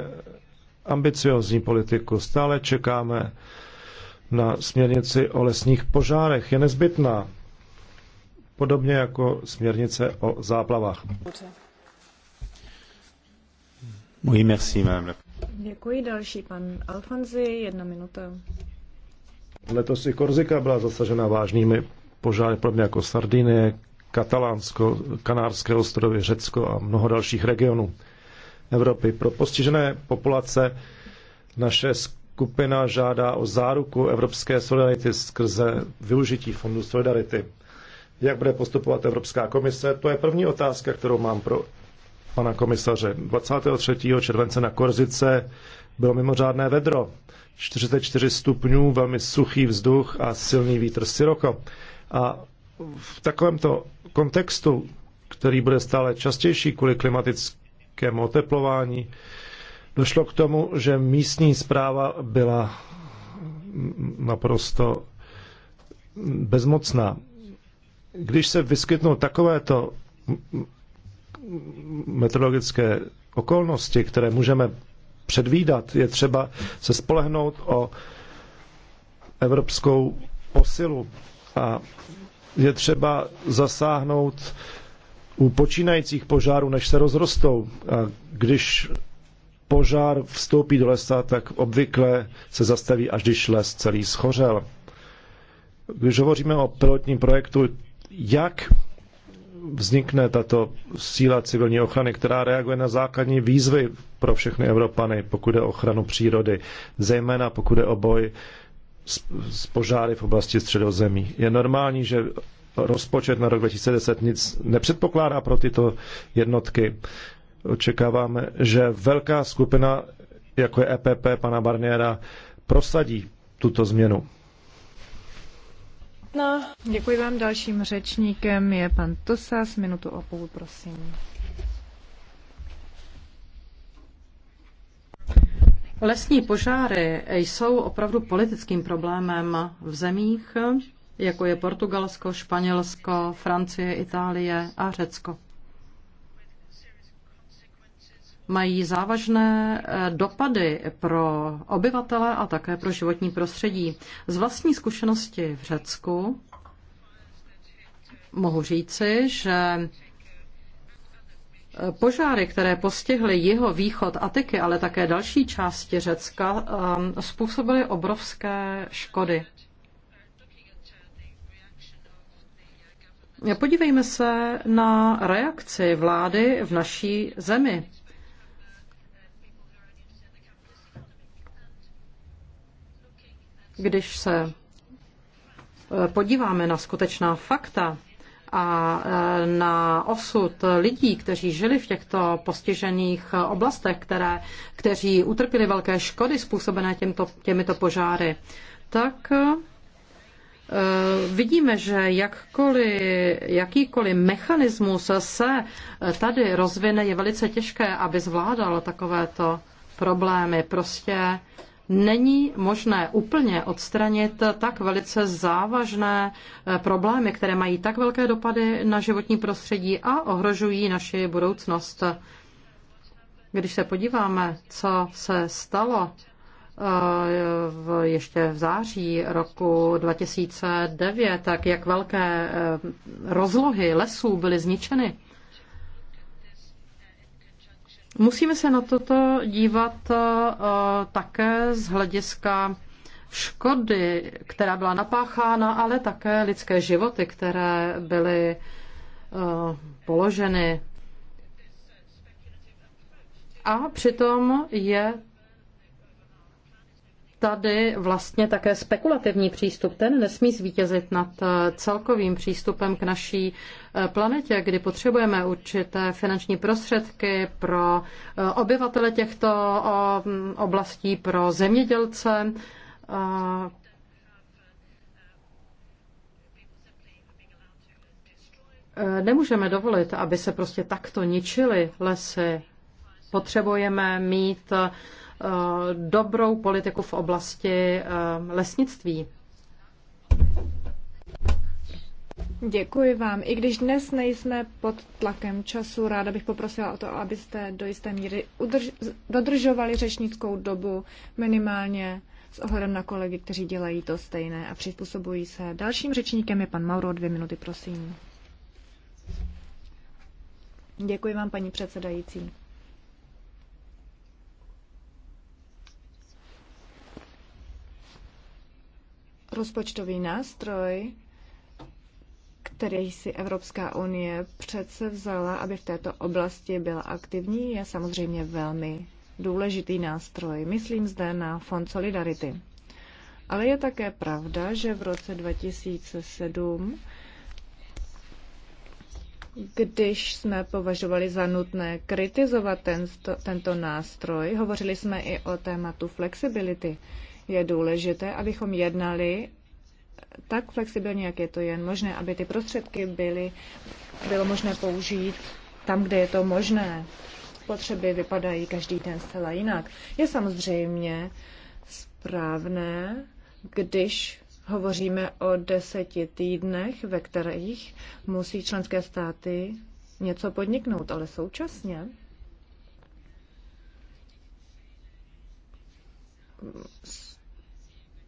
ambiciozní politiku. Stále čekáme na směrnici o lesních požárech. Je nezbytná, podobně jako směrnice o záplavách. Oui, merci, madame. Děkuji. Další pan Alfonzi, jedna minuta. Letos i Korzika byla zasažena vážnými požáry podobně jako Sardinie, Katalánsko, Kanárské ostrovy, Řecko a mnoho dalších regionů Evropy. Pro postižené populace naše skupina žádá o záruku evropské solidarity skrze využití fondu solidarity. Jak bude postupovat Evropská komise? To je první otázka, kterou mám pro pana komisaře. 23. července na Korzice bylo mimořádné vedro. 44 stupňů, velmi suchý vzduch a silný vítr Siroko. A v takovémto kontextu, který bude stále častější kvůli klimatickému oteplování, došlo k tomu, že místní zpráva byla naprosto bezmocná. Když se vyskytnou takovéto meteorologické okolnosti, které můžeme předvídat, je třeba se spolehnout o evropskou posilu a je třeba zasáhnout u počínajících požárů, než se rozrostou. A když požár vstoupí do lesa, tak obvykle se zastaví, až když les celý schořel. Když hovoříme o pilotním projektu, jak vznikne tato síla civilní ochrany, která reaguje na základní výzvy pro všechny Evropany, pokud je o ochranu přírody, zejména pokud je o boj z požáry v oblasti středozemí. Je normální, že rozpočet na rok 2010 nic nepředpokládá pro tyto jednotky. Očekáváme, že velká skupina, jako je EPP pana Barniera, prosadí tuto změnu. No, děkuji vám. Dalším řečníkem je pan Tosas. Minutu a půl, prosím. Lesní požáry jsou opravdu politickým problémem v zemích, jako je Portugalsko, Španělsko, Francie, Itálie a Řecko. Mají závažné eh, dopady pro obyvatele a také pro životní prostředí. Z vlastní zkušenosti v Řecku mohu říci, že Požáry, které postihly jeho východ Atiky, ale také další části Řecka, um, způsobily obrovské škody. Podívejme se na reakci vlády v naší zemi. Když se eh, podíváme na skutečná fakta, a e, na osud lidí, kteří žili v těchto postižených oblastech, které, kteří utrpěli velké škody způsobené těmto, těmito požáry, tak e, vidíme, že jakkoliv, jakýkoliv mechanismus se tady rozvine, je velice těžké, aby zvládal takovéto problémy. Prostě není možné úplně odstranit tak velice závažné eh, problémy, které mají tak velké dopady na životní prostředí a ohrožují naši budoucnost. Když se podíváme, co se stalo eh, v, ještě v září roku 2009, tak jak velké eh, rozlohy lesů byly zničeny, Musíme se na toto dívat eh, také z hlediska škody, která byla napáchána, ale také lidské životy, které byly eh, položeny. A přitom je tady vlastně také spekulativní přístup, ten nesmí zvítězit nad eh, celkovým přístupem k naší eh, planetě, kdy potřebujeme určité finanční prostředky pro eh, obyvatele těchto mm, oblastí, pro zemědělce. Nemůžeme dovolit, aby se prostě takto ničily lesy. Potřebujeme mít Eh, dobrou politiku v oblasti eh, lesnictví. Děkuji vám. I když dnes nejsme pod tlakem času, ráda bych poprosila o to, abyste do jisté míry udrž- dodržovali řečnickou dobu minimálně s ohledem na kolegy, kteří dělají to stejné a přizpůsobují se. Dalším řečníkem je pan Mauro, dvě minuty, prosím. Děkuji vám, paní předsedající. rozpočtový nástroj, který si Evropská unie přece vzala, aby v této oblasti byla aktivní, je samozřejmě velmi důležitý nástroj. Myslím zde na Fond Solidarity. Ale je také pravda, že v roce 2007 když jsme považovali za nutné kritizovat tento, nástroj, hovořili jsme i o tématu flexibility je důležité, abychom jednali tak flexibilně, jak je to jen možné, aby ty prostředky byly, bylo možné použít tam, kde je to možné. Potřeby vypadají každý den zcela jinak. Je samozřejmě správné, když hovoříme o deseti týdnech, ve kterých musí členské státy něco podniknout, ale současně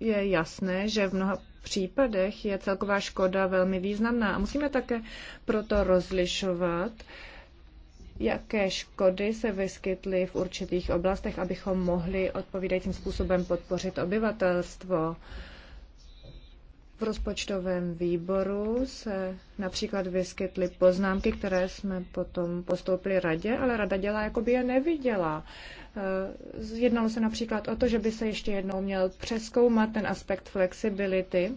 je jasné, že v mnoha případech je celková škoda velmi významná. A musíme také proto rozlišovat, jaké škody se vyskytly v určitých oblastech, abychom mohli odpovídajícím způsobem podpořit obyvatelstvo. V rozpočtovém výboru se například vyskytly poznámky, které jsme potom postoupili radě, ale rada dělá, jako by je neviděla. Eh, jednalo se například o to, že by se ještě jednou měl přeskoumat ten aspekt flexibility,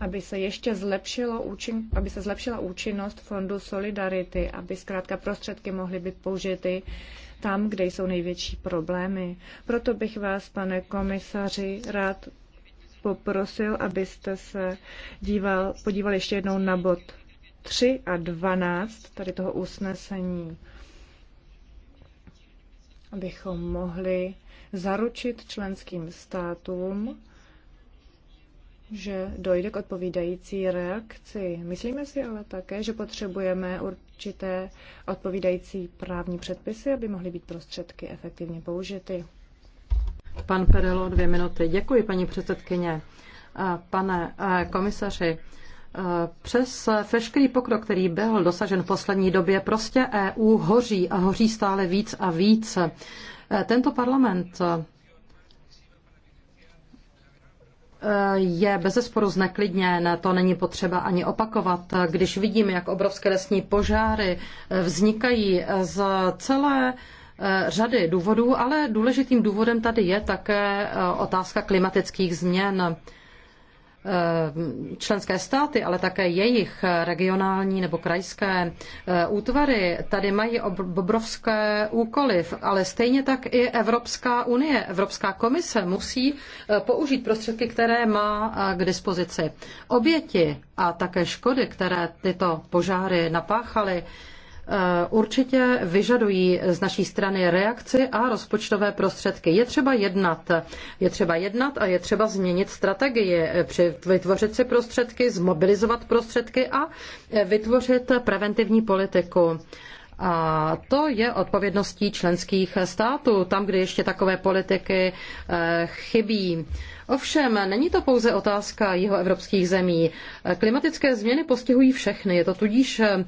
aby se ještě zlepšilo účin, aby se zlepšila účinnost fondu Solidarity, aby zkrátka prostředky mohly být použity tam, kde jsou největší problémy. Proto bych vás, pane komisaři, rád poprosil, abyste se díval, podívali ještě jednou na bod 3 a 12 tady toho usnesení, abychom mohli zaručit členským státům, že dojde k odpovídající reakci. Myslíme si ale také, že potřebujeme určité odpovídající právní předpisy, aby mohly být prostředky efektivně použity. Pan Perelo, dvě minuty. Děkuji, paní předsedkyně. Eh, pane eh, komisaři, eh, přes veškerý pokrok, který byl dosažen v poslední době, prostě EU hoří a hoří stále víc a víc. Tento parlament je bezesporu zneklidněn, to není potřeba ani opakovat. Když vidím, jak obrovské lesní požáry vznikají z celé Eh, řady důvodů, ale důležitým důvodem tady je také eh, otázka klimatických změn. Eh, členské státy, ale také jejich regionální nebo krajské útvary tady mají obrovské úkoly, ale stejně tak i Evropská unie, Evropská komise musí použít prostředky, které má k dispozici. Oběti a také škody, které tyto požáry napáchaly, Eh, určitě vyžadují z naší strany reakci a rozpočtové prostředky. Je třeba jednat. Je třeba jednat a je třeba změnit strategii, eh, vytvořit si prostředky, zmobilizovat prostředky a eh, vytvořit preventivní politiku. A to je odpovědností členských států, tam, kde ještě takové politiky chybí. Ovšem, není to pouze otázka jeho evropských zemí. Klimatické změny postihují všechny. Je to tudíž eh,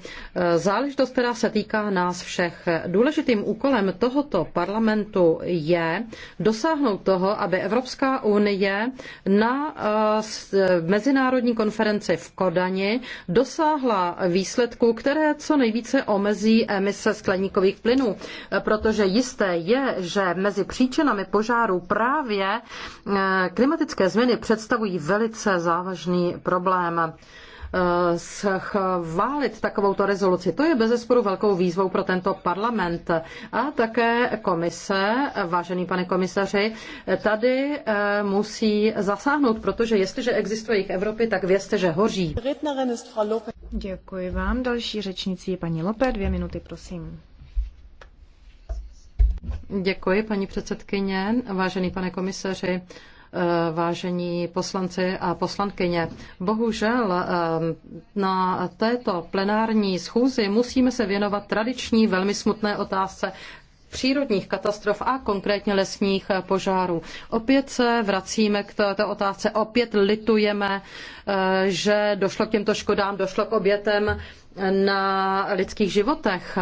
záležitost, která se týká nás všech. Důležitým úkolem tohoto parlamentu je dosáhnout toho, aby Evropská unie na eh, eh, mezinárodní konferenci v Kodani dosáhla výsledků, které co nejvíce omezí emise skleníkových plynů, protože jisté je, že mezi příčinami požáru právě Klimatické změny představují velice závažný problém schválit takovouto rezoluci. To je bezesporu velkou výzvou pro tento parlament. A také komise, vážený pane komisaři, tady eh, musí zasáhnout, protože jestliže existuje jich Evropy, tak vězte, že hoří. Děkuji vám. Další řečnicí je paní Lope. Dvě minuty, prosím. Děkuji, paní předsedkyně, vážený pane komisaři. Eh, vážení poslanci a poslankyně. Bohužel eh, na této plenární schůzi musíme se věnovat tradiční velmi smutné otázce přírodních katastrof a konkrétně lesních požárů. Opět se vracíme k této otázce, opět litujeme, eh, že došlo k těmto škodám, došlo k obětem na lidských životech.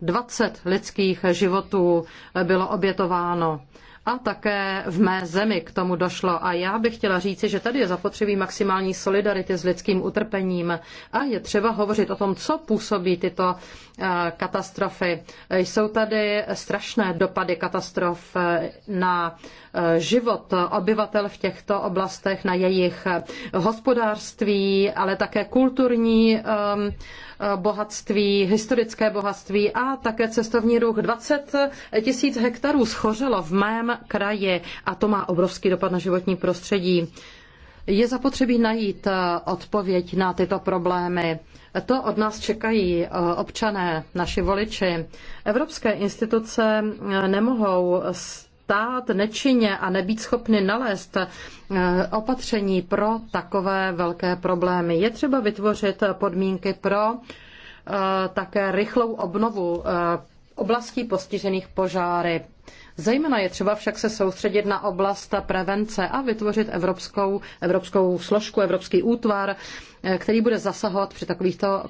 20 lidských životů bylo obětováno a také v mé zemi k tomu došlo. A já bych chtěla říci, že tady je zapotřebí maximální solidarity s lidským utrpením a je třeba hovořit o tom, co působí tyto eh, katastrofy. Jsou tady strašné dopady katastrof eh, na eh, život obyvatel v těchto oblastech, na jejich hospodářství, ale také kulturní bohatství, historické bohatství a také cestovní ruch. 20 tisíc hektarů schořelo v mém kraji a to má obrovský dopad na životní prostředí. Je zapotřebí najít eh, odpověď na tyto problémy. To od nás čekají eh, občané, naši voliči. Evropské instituce eh, nemohou stát nečinně a nebýt schopny nalézt eh, opatření pro takové velké problémy. Je třeba vytvořit podmínky pro eh, také rychlou obnovu eh, oblastí postižených požáry. Zejména je třeba však se soustředit na oblast prevence a vytvořit evropskou, evropskou složku, evropský útvar, který bude zasahovat při takovýchto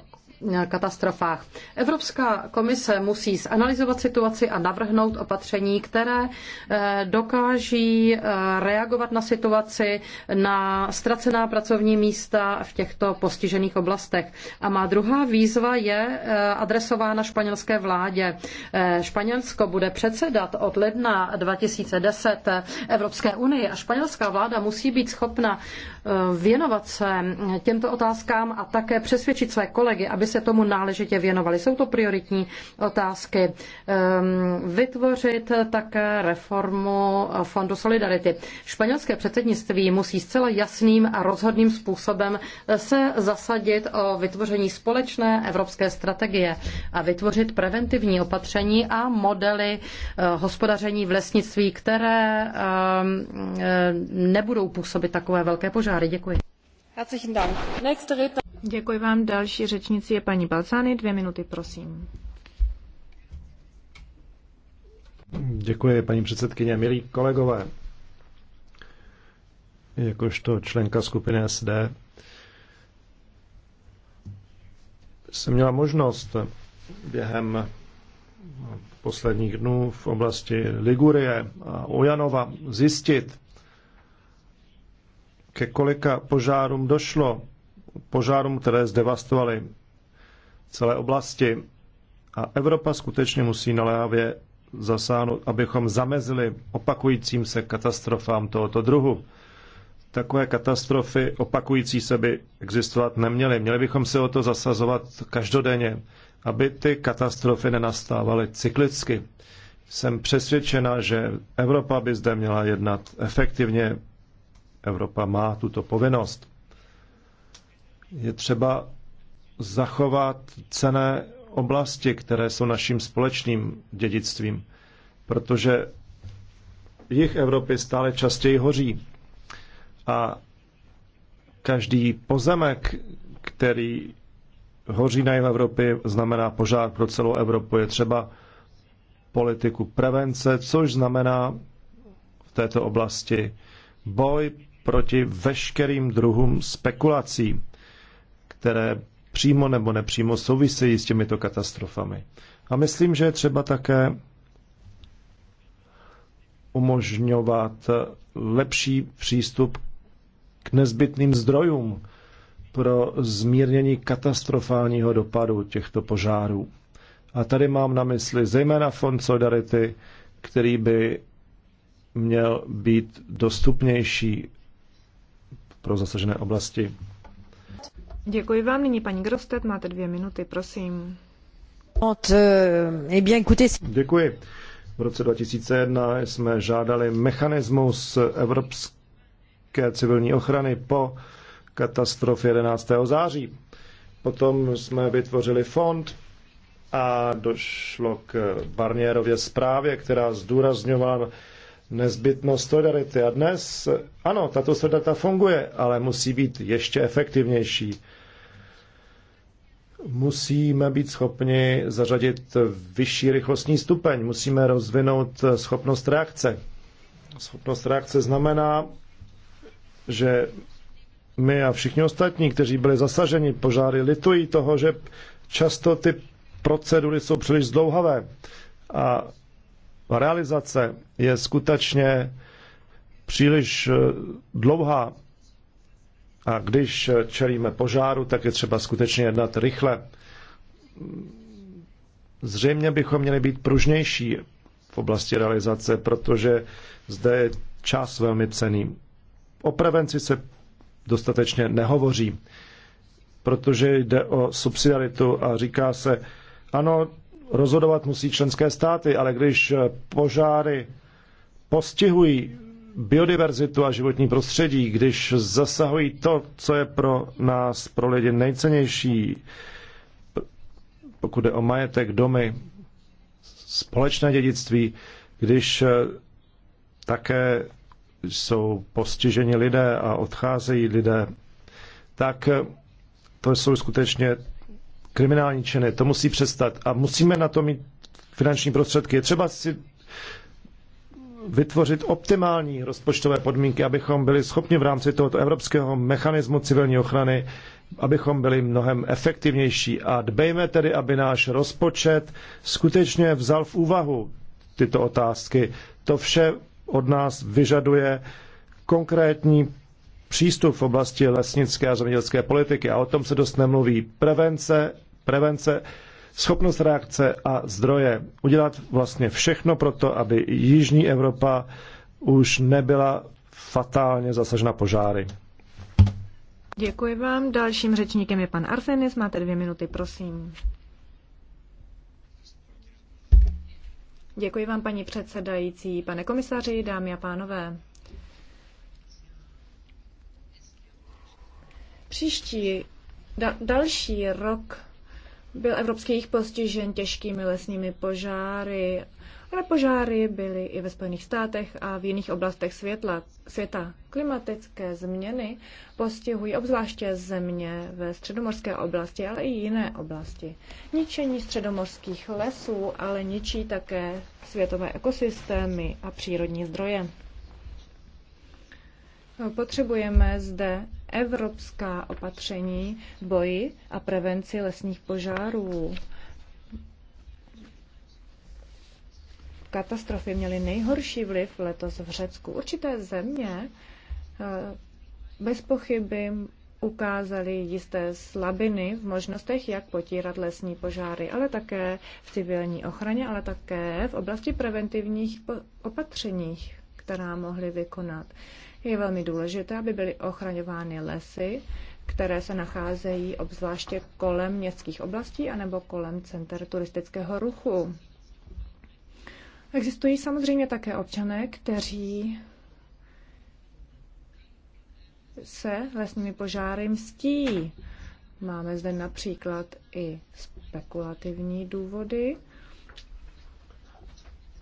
katastrofách. Evropská komise musí zanalizovat situaci a navrhnout opatření, které eh, dokáží eh, reagovat na situaci, na ztracená pracovní místa v těchto postižených oblastech. A má druhá výzva je eh, adresována španělské vládě. Španělsko bude předsedat od ledna 2010 Evropské unii a španělská vláda musí být schopna věnovat se těmto otázkám a také přesvědčit své kolegy, aby se tomu náležitě věnovali. Jsou to prioritní otázky. Ehm, vytvořit také reformu Fondu Solidarity. Španělské předsednictví musí zcela jasným a rozhodným způsobem se zasadit o vytvoření společné evropské strategie a vytvořit preventivní opatření a modely eh, hospodaření v lesnictví, které ehm, eh, nebudou působit takové velké požáry. Děkuji. Herzlichen Dank. Děkuji vám. Další řečnici je paní Balcány. Dvě minuty, prosím. Děkuji, paní předsedkyně. Milí kolegové, jakožto členka skupiny SD jsem měla možnost během posledních dnů v oblasti Ligurie a Ojanova zjistit, ke kolika požárům došlo požárům, které zdevastovaly celé oblasti. A Evropa skutečně musí naléhavě zasáhnout, abychom zamezili opakujícím se katastrofám tohoto druhu. Takové katastrofy opakující se by existovat neměly. Měli bychom se o to zasazovat každodenně, aby ty katastrofy nenastávaly cyklicky. Jsem přesvědčena, že Evropa by zde měla jednat efektivně. Evropa má tuto povinnost je třeba zachovat cené oblasti, které jsou naším společným dědictvím, protože jich Evropy stále častěji hoří. A každý pozemek, který hoří na jeho Evropy, znamená požár pro celou Evropu. Je třeba politiku prevence, což znamená v této oblasti boj proti veškerým druhům spekulací které přímo nebo nepřímo souvisejí s těmito katastrofami. A myslím, že je třeba také umožňovat lepší přístup k nezbytným zdrojům pro zmírnění katastrofálního dopadu těchto požárů. A tady mám na mysli zejména Fond Solidarity, který by měl být dostupnější pro zasažené oblasti. Děkuji vám. Nyní paní Grostet, máte dvě minuty, prosím. Eh, eh, Děkuji. V roce 2001 jsme žádali mechanismus evropské civilní ochrany po katastrofě 11. září. Potom jsme vytvořili fond a došlo k Barnierově zprávě, která zdůrazňovala nezbytnost solidarity. A dnes, ano, tato solidarita funguje, ale musí být ještě efektivnější. Musíme být schopni zařadit vyšší rychlostní stupeň, musíme rozvinout schopnost reakce. Schopnost reakce znamená, že my a všichni ostatní, kteří byli zasaženi požáry, litují toho, že často ty procedury jsou příliš zdlouhavé a realizace je skutečně příliš eh, dlouhá a když eh, čelíme požáru, tak je třeba skutečně jednat rychle. Zřejmě bychom měli být pružnější v oblasti realizace, protože zde je čas velmi cený. O prevenci se dostatečně nehovoří, protože jde o subsidiaritu a říká se, ano, rozhodovat musí členské státy, ale když požáry postihují biodiverzitu a životní prostředí, když zasahují to, co je pro nás, pro lidi nejcennější, pokud jde o majetek, domy, společné dědictví, když eh, také jsou postiženi lidé a odcházejí lidé, tak eh, to jsou skutečně kriminální činy. To musí přestat a musíme na to mít finanční prostředky. Je třeba si vytvořit optimální rozpočtové podmínky, abychom byli schopni v rámci tohoto evropského mechanismu civilní ochrany, abychom byli mnohem efektivnější. A dbejme tedy, aby náš rozpočet skutečně vzal v úvahu tyto otázky. To vše od nás vyžaduje konkrétní přístup v oblasti lesnické a zemědělské politiky. A o tom se dost nemluví. Prevence prevence, schopnost reakce a zdroje. Udělat vlastně všechno pro to, aby Jižní Evropa už nebyla fatálně zasažena požáry. Děkuji vám. Dalším řečníkem je pan Arsenis. Máte dvě minuty, prosím. Děkuji vám, paní předsedající, pane komisaři, dámy a pánové. Příští da, další rok byl evropský jich postižen těžkými lesními požáry, ale požáry byly i ve Spojených státech a v jiných oblastech světla, světa. Klimatické změny postihují obzvláště země ve středomorské oblasti, ale i jiné oblasti. Ničení středomorských lesů ale ničí také světové ekosystémy a přírodní zdroje. Potřebujeme zde evropská opatření boji a prevenci lesních požárů. Katastrofy měly nejhorší vliv letos v Řecku. Určité země eh, bez pochyby ukázaly jisté slabiny v možnostech, jak potírat lesní požáry, ale také v civilní ochraně, ale také v oblasti preventivních opatřeních, která mohly vykonat. Je velmi důležité, aby byly ochraňovány lesy, které se nacházejí obzvláště kolem městských oblastí anebo kolem center turistického ruchu. Existují samozřejmě také občané, kteří se lesními požáry mstí. Máme zde například i spekulativní důvody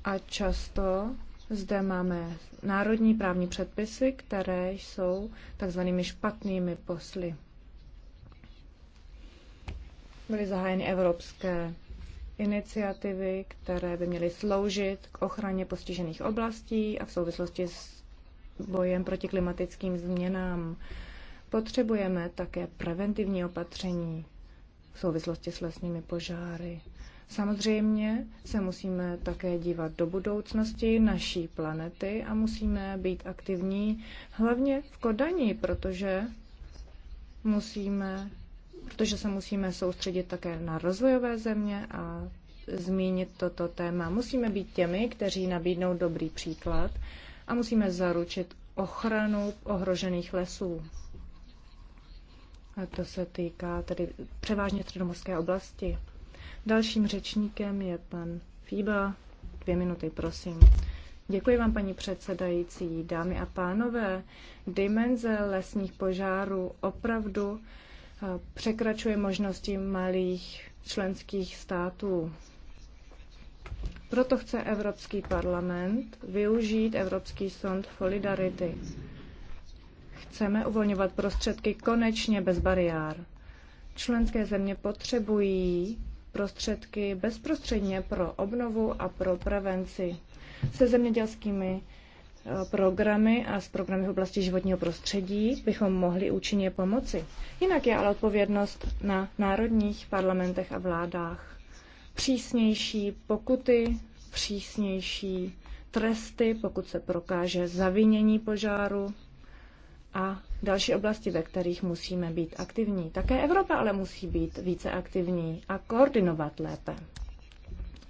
a často zde máme národní právní předpisy, které jsou takzvanými špatnými posly. Byly zahájeny evropské iniciativy, které by měly sloužit k ochraně postižených oblastí a v souvislosti s bojem proti klimatickým změnám. Potřebujeme také preventivní opatření v souvislosti s lesními požáry. Samozřejmě se musíme také dívat do budoucnosti naší planety a musíme být aktivní hlavně v Kodani, protože musíme, protože se musíme soustředit také na rozvojové země a zmínit toto téma. Musíme být těmi, kteří nabídnou dobrý příklad a musíme zaručit ochranu ohrožených lesů. A to se týká tedy převážně středomorské oblasti. Dalším řečníkem je pan Fíba. Dvě minuty, prosím. Děkuji vám, paní předsedající, dámy a pánové. Dimenze lesních požárů opravdu eh, překračuje možnosti malých členských států. Proto chce Evropský parlament využít Evropský sond Solidarity. Chceme uvolňovat prostředky konečně bez bariár. Členské země potřebují prostředky bezprostředně pro obnovu a pro prevenci se zemědělskými eh, programy a s programy v oblasti životního prostředí bychom mohli účinně pomoci. Jinak je ale odpovědnost na národních parlamentech a vládách. Přísnější pokuty, přísnější tresty, pokud se prokáže zavinění požáru a další oblasti, ve kterých musíme být aktivní. Také Evropa ale musí být více aktivní a koordinovat lépe.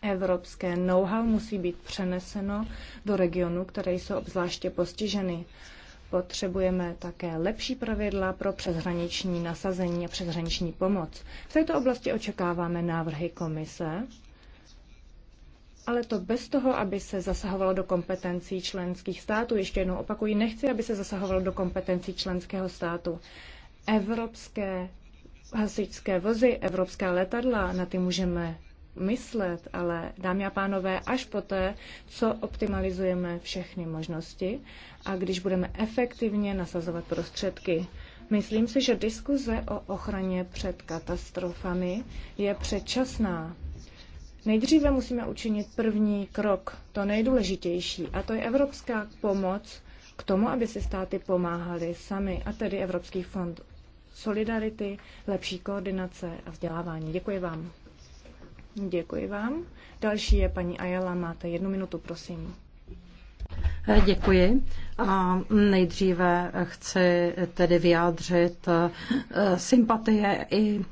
Evropské know-how musí být přeneseno do regionů, které jsou obzvláště postiženy. Potřebujeme také lepší pravidla pro přeshraniční nasazení a přeshraniční pomoc. V této oblasti očekáváme návrhy komise ale to bez toho, aby se zasahovalo do kompetencí členských států. Ještě jednou opakuji, nechci, aby se zasahovalo do kompetencí členského státu. Evropské hasičské vozy, evropská letadla, na ty můžeme myslet, ale dámy a pánové, až poté, co optimalizujeme všechny možnosti a když budeme efektivně nasazovat prostředky. Myslím si, že diskuze o ochraně před katastrofami je předčasná. Nejdříve musíme učinit první krok, to nejdůležitější, a to je evropská pomoc k tomu, aby si státy pomáhaly sami, a tedy Evropský fond solidarity, lepší koordinace a vzdělávání. Děkuji vám. Děkuji vám. Další je paní Ajala, máte jednu minutu, prosím. Děkuji. A nejdříve chci tedy vyjádřit eh, sympatie i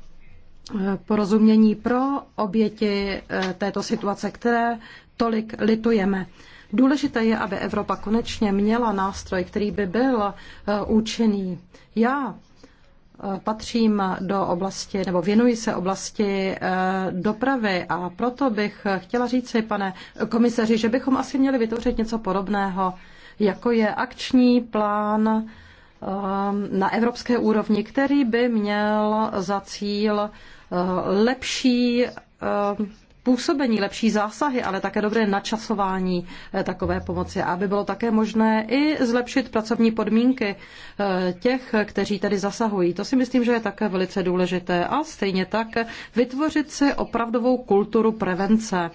porozumění pro oběti eh, této situace, které tolik litujeme. Důležité je, aby Evropa konečně měla nástroj, který by byl eh, účinný. Já eh, patřím do oblasti, nebo věnuji se oblasti dopravy a proto bych chtěla říci, pane komisaři, že bychom asi měli vytvořit něco podobného, jako je akční plán na evropské úrovni, který by měl za cíl Eh, lepší eh, působení, lepší zásahy, ale také dobré načasování eh, takové pomoci, aby bylo také možné i zlepšit pracovní podmínky těch, kteří tady zasahují. To si myslím, že je také velice důležité. A stejně tak vytvořit si opravdovou kulturu prevence.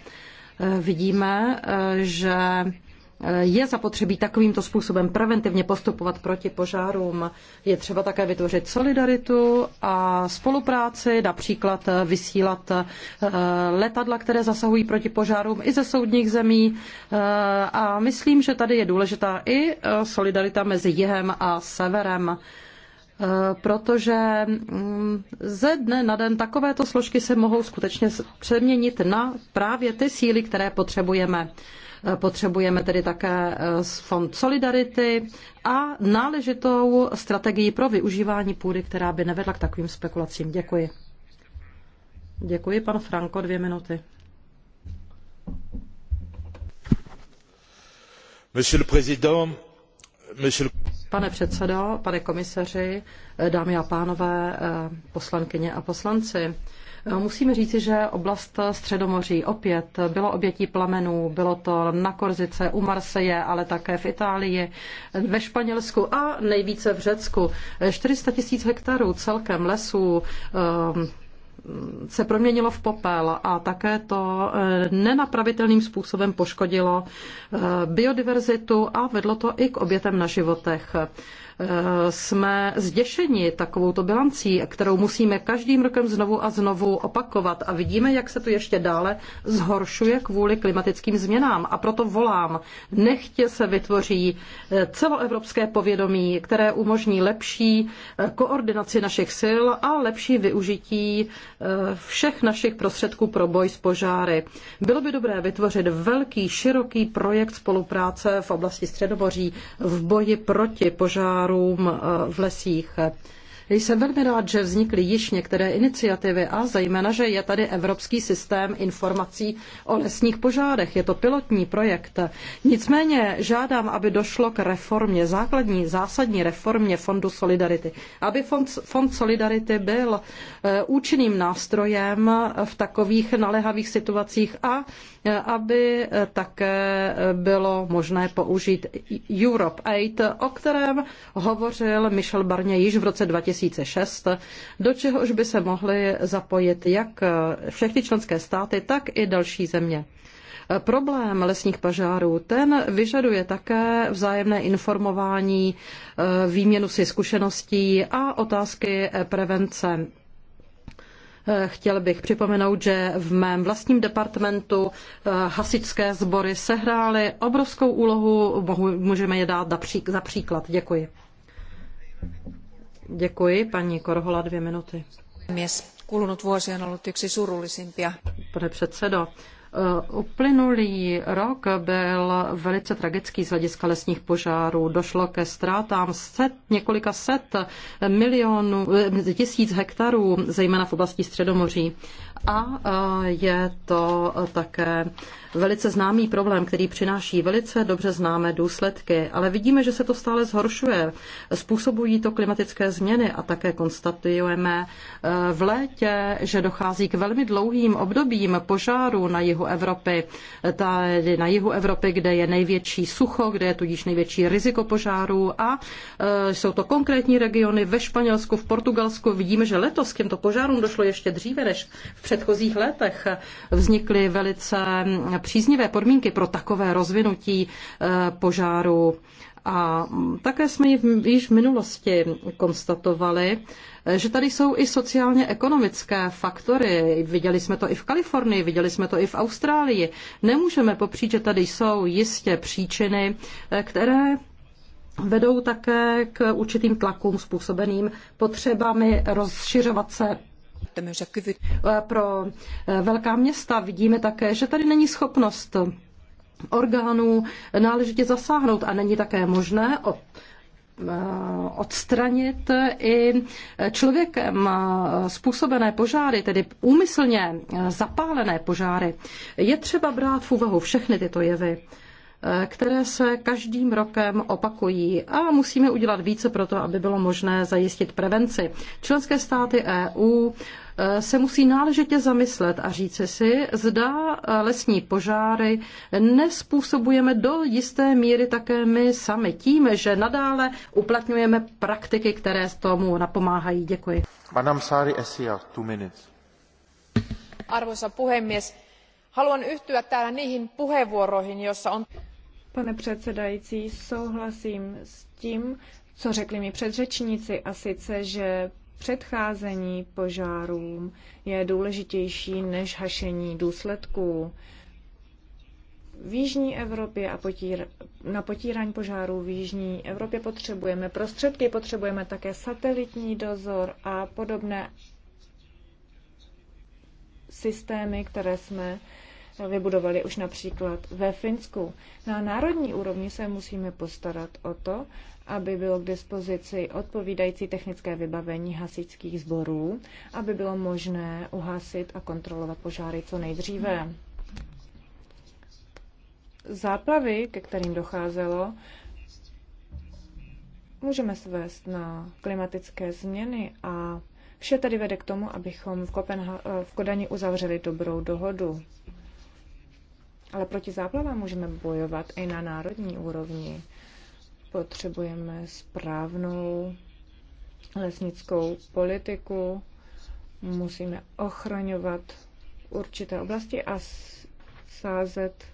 Vidíme, že Eh, je zapotřebí takovýmto způsobem preventivně postupovat proti požárům. Je třeba také vytvořit solidaritu a spolupráci, například eh, vysílat eh, letadla, které zasahují proti požárům i ze soudních zemí. A myslím, že tady je důležitá i solidarita mezi jihem a severem protože mm, ze dne na den takovéto složky se mohou skutečně přeměnit na právě ty síly, které potřebujeme. Potřebujeme tedy také eh, fond solidarity a náležitou strategii pro využívání půdy, která by nevedla k takovým spekulacím. Děkuji. Děkuji, pan Franko, dvě minuty. Monsieur le Président, monsieur le... Pane předsedo, pane komisaři, eh, dámy a pánové, eh, poslankyně a poslanci, Musíme říci, že oblast Středomoří opět bylo obětí plamenů, bylo to na Korzice, u Marseje, ale také v Itálii, ve Španělsku a nejvíce v Řecku. 400 tisíc hektarů celkem lesů ehm, se proměnilo v popel a také to eh, nenapravitelným způsobem poškodilo eh, biodiverzitu a vedlo to i k obětem na životech. Eh, jsme zděšeni takovouto bilancí, kterou musíme každým rokem znovu a znovu opakovat a vidíme, jak se to ještě dále zhoršuje kvůli klimatickým změnám. A proto volám, nechtě se vytvoří eh, celoevropské povědomí, které umožní lepší eh, koordinaci našich sil a lepší využití všech našich prostředků pro boj s požáry. Bylo by dobré vytvořit velký, široký projekt spolupráce v oblasti Středomoří v boji proti požáru požárům eh, v lesích. Jsem velmi rád, že vznikly již některé iniciativy a zejména, že je tady Evropský systém informací o lesních požárech. Je to pilotní projekt. Nicméně žádám, aby došlo k reformě, základní, zásadní reformě Fondu Solidarity. Aby Fond, fond Solidarity byl eh, účinným nástrojem v takových naléhavých situacích a eh, aby eh, také bylo možné použít Europe Aid, o kterém hovořil Michel Barnier již v roce 2000 2006, do čehož by se mohly zapojit jak všechny členské státy, tak i další země. Problém lesních požárů, ten vyžaduje také vzájemné informování, eh, výměnu si zkušeností a otázky prevence. Eh, chtěl bych připomenout, že v mém vlastním departmentu eh, hasičské sbory sehrály obrovskou úlohu, můžeme je dát za příklad. Děkuji. Děkuji, paní Korhola, dvě minuty. Kulunut vuosi on ollut yksi surullisimpia. Pane předsedo, eh, Uplynulý rok byl velice tragický z hlediska lesních požárů. Došlo ke ztrátám set, několika set milionů, eh, tisíc hektarů, zejména v oblasti Středomoří. A e, je to také velice známý problém, který přináší velice dobře známé důsledky, ale vidíme, že se to stále zhoršuje. Způsobují to klimatické změny a také konstatujeme e, v létě, že dochází k velmi dlouhým obdobím požáru na jihu Evropy, tady na jihu Evropy, kde je největší sucho, kde je tudíž největší riziko požáru a e, jsou to konkrétní regiony ve Španělsku, v Portugalsku. Vidíme, že letos k těmto požárům došlo ještě dříve než v předchozích letech vznikly velice příznivé podmínky pro takové rozvinutí eh, požáru. A také jsme již v minulosti konstatovali, eh, že tady jsou i sociálně-ekonomické faktory. Viděli jsme to i v Kalifornii, viděli jsme to i v Austrálii. Nemůžeme popřít, že tady jsou jistě příčiny, eh, které vedou také k určitým tlakům způsobeným potřebami rozšiřovat se Eh, pro eh, velká města vidíme také, že tady není schopnost orgánů náležitě zasáhnout a není také možné eh, odstranit i člověkem způsobené požáry, tedy úmyslně zapálené požáry. Je třeba brát v úvahu všechny tyto jevy které se každým rokem opakují a musíme udělat více pro to, aby bylo možné zajistit prevenci. Členské státy EU e, se musí náležitě zamyslet a říci si, zda e, lesní požáry nespůsobujeme do jisté míry také my sami tím, že nadále uplatňujeme praktiky, které tomu napomáhají. Děkuji. Madame Sari Esia, two minutes. Arvoisa puhemies, haluan yhtyä täällä niihin puheenvuoroihin, joissa on Pane předsedající, souhlasím s tím, co řekli mi předřečníci, a sice, že předcházení požárům je důležitější než hašení důsledků. V jižní Evropě a potír, na potírání požárů v jižní Evropě potřebujeme prostředky, potřebujeme také satelitní dozor a podobné systémy, které jsme vybudovali už například ve Finsku. Na národní úrovni se musíme postarat o to, aby bylo k dispozici odpovídající technické vybavení hasičských sborů, aby bylo možné uhasit a kontrolovat požáry co nejdříve. Záplavy, ke kterým docházelo, můžeme svést na klimatické změny a vše tedy vede k tomu, abychom v, Kopenha- v Kodani uzavřeli dobrou dohodu. Ale proti záplavám můžeme bojovat i na národní úrovni. Potřebujeme správnou lesnickou politiku, musíme ochraňovat určité oblasti a sázet,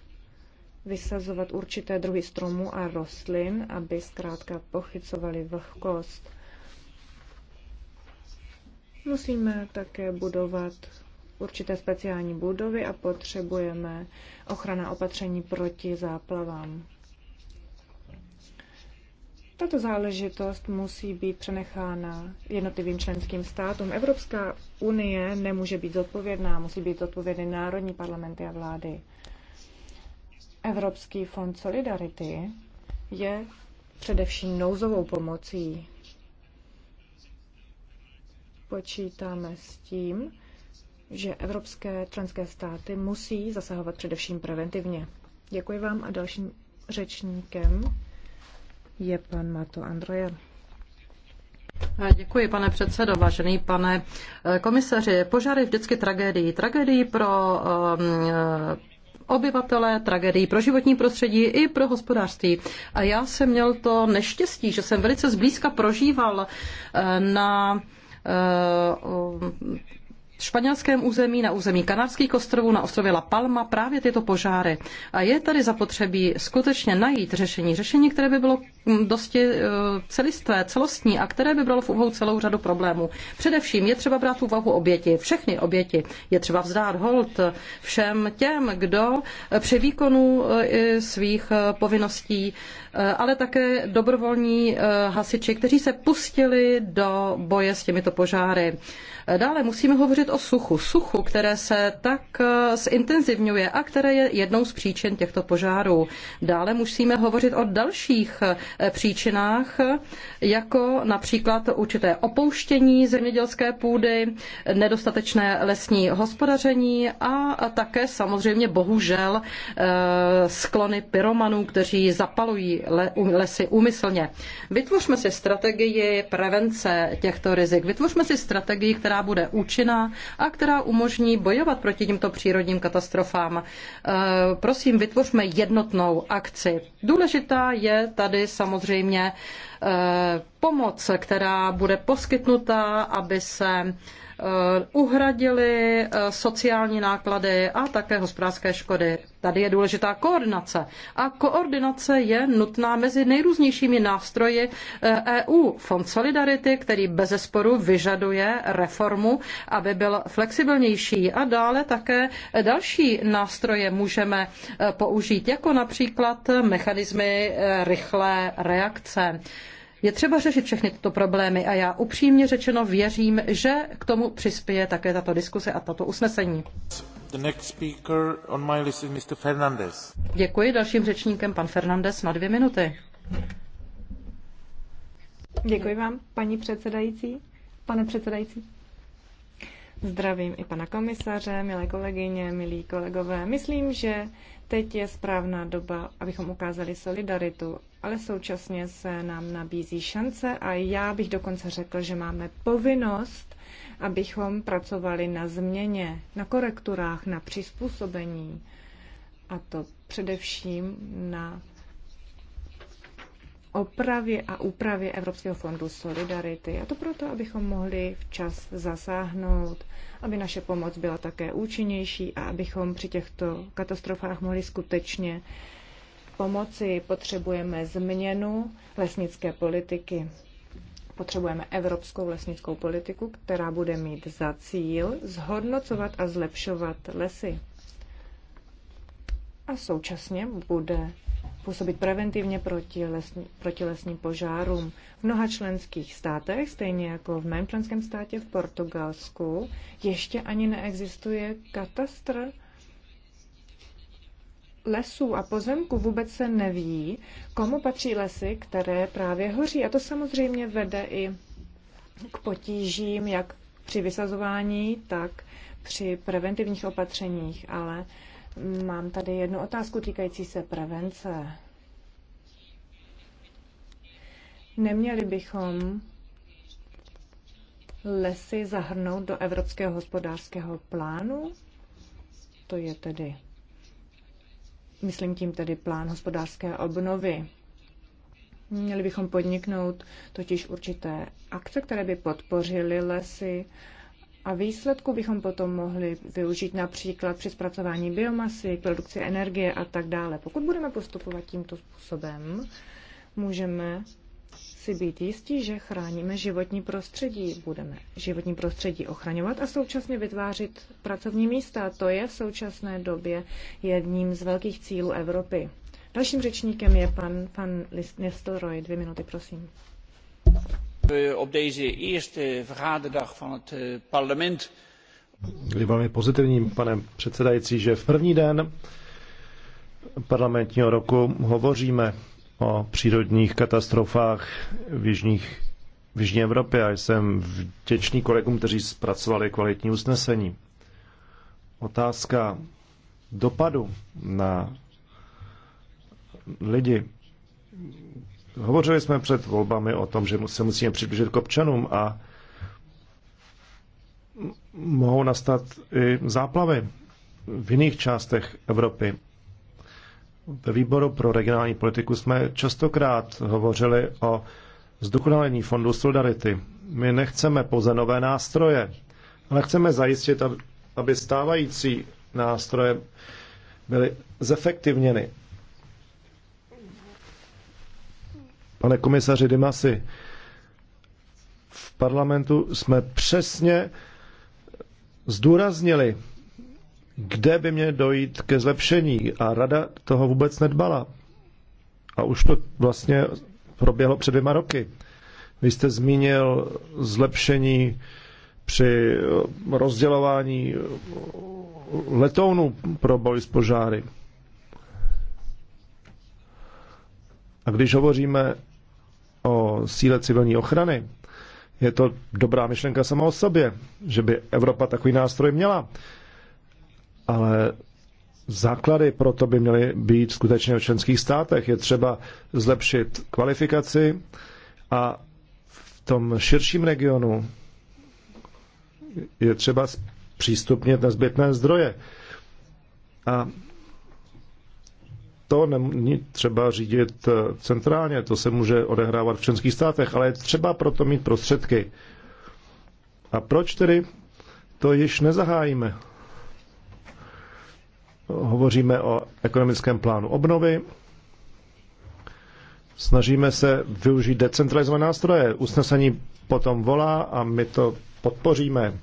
vysazovat určité druhy stromů a rostlin, aby zkrátka pochycovali vlhkost. Musíme také budovat určité speciální budovy a potřebujeme ochrana opatření proti záplavám. Tato záležitost musí být přenechána jednotlivým členským státům. Evropská unie nemůže být zodpovědná, musí být zodpovědný národní parlamenty a vlády. Evropský fond Solidarity je především nouzovou pomocí. Počítáme s tím, že evropské členské státy musí zasahovat především preventivně. Děkuji vám a dalším řečníkem je pan Mato Androjan. Děkuji, pane předsedo, vážený pane eh, komisaři. Požáry vždycky tragédií. Tragédií pro eh, obyvatele, tragédií pro životní prostředí i pro hospodářství. A já jsem měl to neštěstí, že jsem velice zblízka prožíval eh, na španělském území, na území Kanárských ostrovů, na ostrově La Palma právě tyto požáry. A je tady zapotřebí skutečně najít řešení. Řešení, které by bylo mm, dosti e, celistvé, celostní a které by bralo v úvahu celou řadu problémů. Především je třeba brát v úvahu oběti, všechny oběti. Je třeba vzdát hold všem těm, kdo e, při výkonu e, svých povinností, ale také dobrovolní hasiči, kteří se pustili do boje s těmito požáry. Dále musíme hovořit o suchu. Suchu, které se tak eh, zintenzivňuje a které je jednou z příčin těchto požárů. Dále musíme hovořit o dalších eh, příčinách, jako například určité opouštění zemědělské půdy, nedostatečné lesní hospodaření a také samozřejmě bohužel eh, sklony pyromanů, kteří zapalují lesy úmyslně. Vytvořme si strategii prevence těchto rizik. Vytvořme si strategii, která bude účinná a která umožní bojovat proti těmto přírodním katastrofám. Eh, prosím, vytvořme jednotnou akci. Důležitá je tady samozřejmě eh, pomoc, která bude poskytnuta, aby se Eh, uhradili eh, sociální náklady a také hospodářské škody. Tady je důležitá koordinace. A koordinace je nutná mezi nejrůznějšími nástroji EU. Eh, e Fond Solidarity, který bezesporu vyžaduje reformu, aby byl flexibilnější. A dále také další nástroje můžeme použít, jako například mechanismy rychlé reakce. Je třeba řešit všechny tyto problémy a já upřímně řečeno věřím, že k tomu přispěje také tato diskuse a tato usnesení. Děkuji dalším řečníkem pan Fernandez na dvě minuty. Děkuji vám, paní předsedající. Pane předsedající. Zdravím i pana komisaře, milé kolegyně, milí kolegové. Myslím, že Teď je správná doba, abychom ukázali solidaritu, ale současně se nám nabízí šance a já bych dokonce řekl, že máme povinnost, abychom pracovali na změně, na korekturách, na přizpůsobení a to především na opravě a úpravě Evropského fondu Solidarity. A to proto, abychom mohli včas zasáhnout, aby naše pomoc byla také účinnější a abychom při těchto katastrofách mohli skutečně pomoci. Potřebujeme změnu lesnické politiky. Potřebujeme evropskou lesnickou politiku, která bude mít za cíl zhodnocovat a zlepšovat lesy. A současně bude působit preventivně proti, lesní, proti lesním požárům. V mnoha členských státech, stejně jako v mém členském státě v Portugalsku, ještě ani neexistuje katastr lesů a pozemku vůbec se neví, komu patří lesy, které právě hoří. A to samozřejmě vede i k potížím, jak při vysazování, tak při preventivních opatřeních, ale Mám tady jednu otázku týkající se prevence. Neměli bychom lesy zahrnout do Evropského hospodářského plánu? To je tedy, myslím tím tedy plán hospodářské obnovy. Měli bychom podniknout totiž určité akce, které by podpořily lesy, a výsledku bychom potom mohli využít například při zpracování biomasy, produkci energie a tak dále. Pokud budeme postupovat tímto způsobem, můžeme si být jistí, že chráníme životní prostředí, budeme životní prostředí ochraňovat a současně vytvářet pracovní místa. To je v současné době jedním z velkých cílů Evropy. Dalším řečníkem je pan, pan Nestelroy. Dvě minuty, prosím. Eh, op deze eerste vergaderdag van het eh, parlement. Je pozitivním, pane předsedající, že v první den parlamentního roku hovoříme o přírodních katastrofách v, jižních, v Jižní Evropě a jsem vděčný kolegům, kteří zpracovali kvalitní usnesení. Otázka dopadu na lidi Hovořili jsme před volbami o tom, že se musíme přiblížit k občanům a mohou nastat i záplavy v jiných částech Evropy. Ve výboru pro regionální politiku jsme častokrát hovořili o zdokonalení fondu Solidarity. My nechceme pouze nové nástroje, ale chceme zajistit, aby stávající nástroje byly zefektivněny Pane komisaři Dimasi, v parlamentu jsme přesně zdůraznili, kde by mělo dojít ke zlepšení a rada toho vůbec nedbala. A už to vlastně proběhlo před dvěma roky. Vy jste zmínil zlepšení při rozdělování letounů pro boj s požáry. A když hovoříme o síle civilní ochrany, je to dobrá myšlenka sama o sobě, že by Evropa takový nástroj měla. Ale základy pro to by měly být skutečně o členských státech. Je třeba zlepšit kvalifikaci a v tom širším regionu je třeba přístupnit nezbytné zdroje. A to není třeba řídit eh, centrálně, to se může odehrávat v členských státech, ale je třeba proto mít prostředky. A proč tedy to již nezahájíme? Hovoříme o ekonomickém plánu obnovy, snažíme se využít decentralizované nástroje. Usnesení potom volá a my to podpoříme.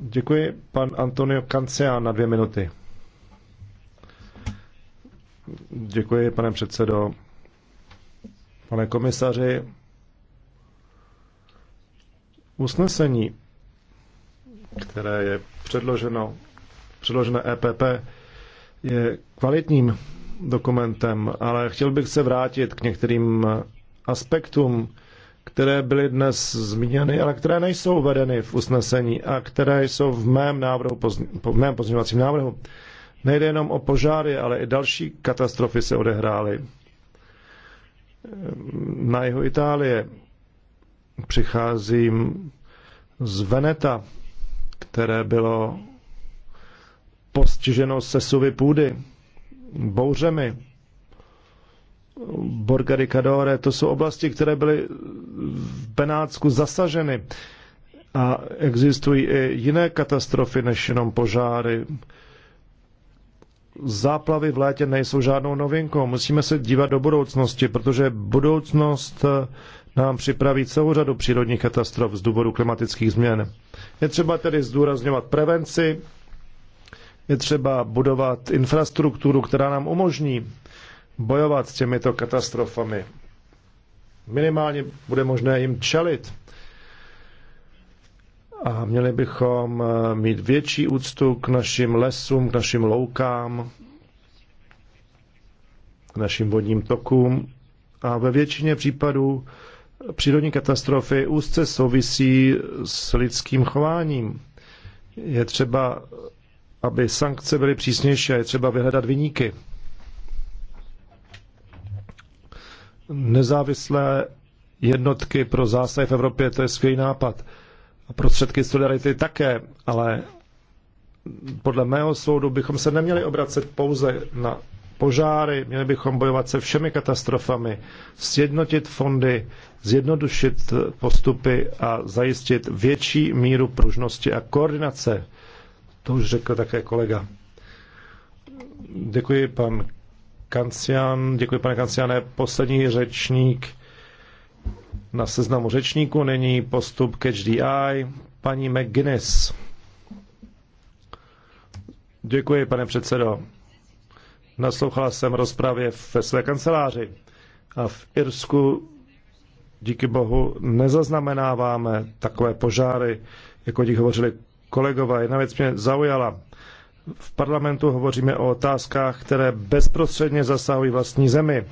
Děkuji, pan Antonio Cancia na dvě minuty. Děkuji, pane předsedo. Pane komisaři, usnesení, které je předloženo, předložené EPP, je kvalitním dokumentem, ale chtěl bych se vrátit k některým aspektům, které byly dnes zmíněny, ale které nejsou uvedeny v usnesení a které jsou v mém, návrhu, v mém pozměňovacím návrhu. Nejde jenom o požáry, ale i další katastrofy se odehrály. Na jeho Itálie přicházím z Veneta, které bylo postiženo sesuvy půdy, bouřemi, Borgaricadore, to jsou oblasti, které byly v Benátsku zasaženy. A existují i jiné katastrofy než jenom požáry záplavy v létě nejsou žádnou novinkou. Musíme se dívat do budoucnosti, protože budoucnost eh, nám připraví celou řadu přírodních katastrof z důvodu klimatických změn. Je třeba tedy zdůrazňovat prevenci, je třeba budovat infrastrukturu, která nám umožní bojovat s těmito katastrofami. Minimálně bude možné jim čelit a měli bychom eh, mít větší úctu k našim lesům, k našim loukám, k našim vodním tokům a ve většině případů přírodní katastrofy úzce souvisí s lidským chováním. Je třeba, aby sankce byly přísnější a je třeba vyhledat vyníky. Nezávislé jednotky pro zásah v Evropě, to je skvělý nápad a prostředky solidarity také, ale podle mého soudu bychom se neměli obracet pouze na požáry, měli bychom bojovat se všemi katastrofami, sjednotit fondy, zjednodušit postupy a zajistit větší míru pružnosti a koordinace. To už řekl také kolega. Děkuji, pan Kancian. Děkuji, pane Kanciane. Poslední řečník na seznamu řečníků. Není postup Catch the Eye. Paní McGuinness. Děkuji, pane předsedo. Naslouchala jsem rozpravě ve své kanceláři a v Irsku díky bohu nezaznamenáváme takové požáry, jako ti hovořili kolegové. Jedna věc mě zaujala. V parlamentu hovoříme o otázkách, které bezprostředně zasahují vlastní zemi.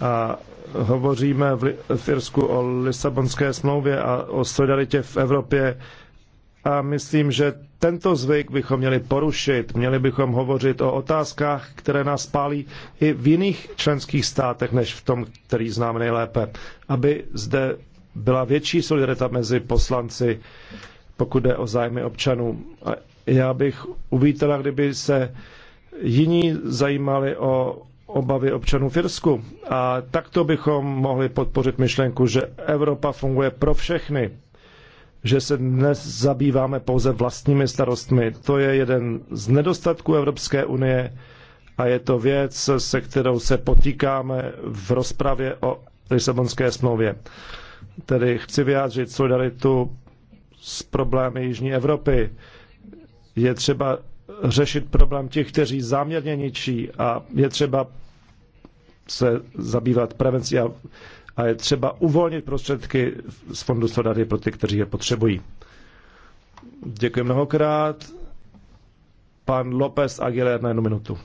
A hovoříme v, Firsku Irsku o Lisabonské smlouvě a o solidaritě v Evropě a myslím, že tento zvyk bychom měli porušit. Měli bychom hovořit o otázkách, které nás pálí i v jiných členských státech, než v tom, který známe nejlépe. Aby zde byla větší solidarita mezi poslanci, pokud jde o zájmy občanů. A já bych uvítala, kdyby se jiní zajímali o obavy občanů v Irsku. A takto bychom mohli podpořit myšlenku, že Evropa funguje pro všechny, že se dnes zabýváme pouze vlastními starostmi. To je jeden z nedostatků Evropské unie a je to věc, se kterou se potýkáme v rozpravě o Lisabonské smlouvě. Tedy chci vyjádřit solidaritu s problémy Jižní Evropy. Je třeba řešit problém těch, kteří záměrně ničí a je třeba se zabývat prevencí a, a je třeba uvolnit prostředky z Fondu Solidarity pro ty, kteří je potřebují. Děkuji mnohokrát. Pan López Aguilera na jednu minutu.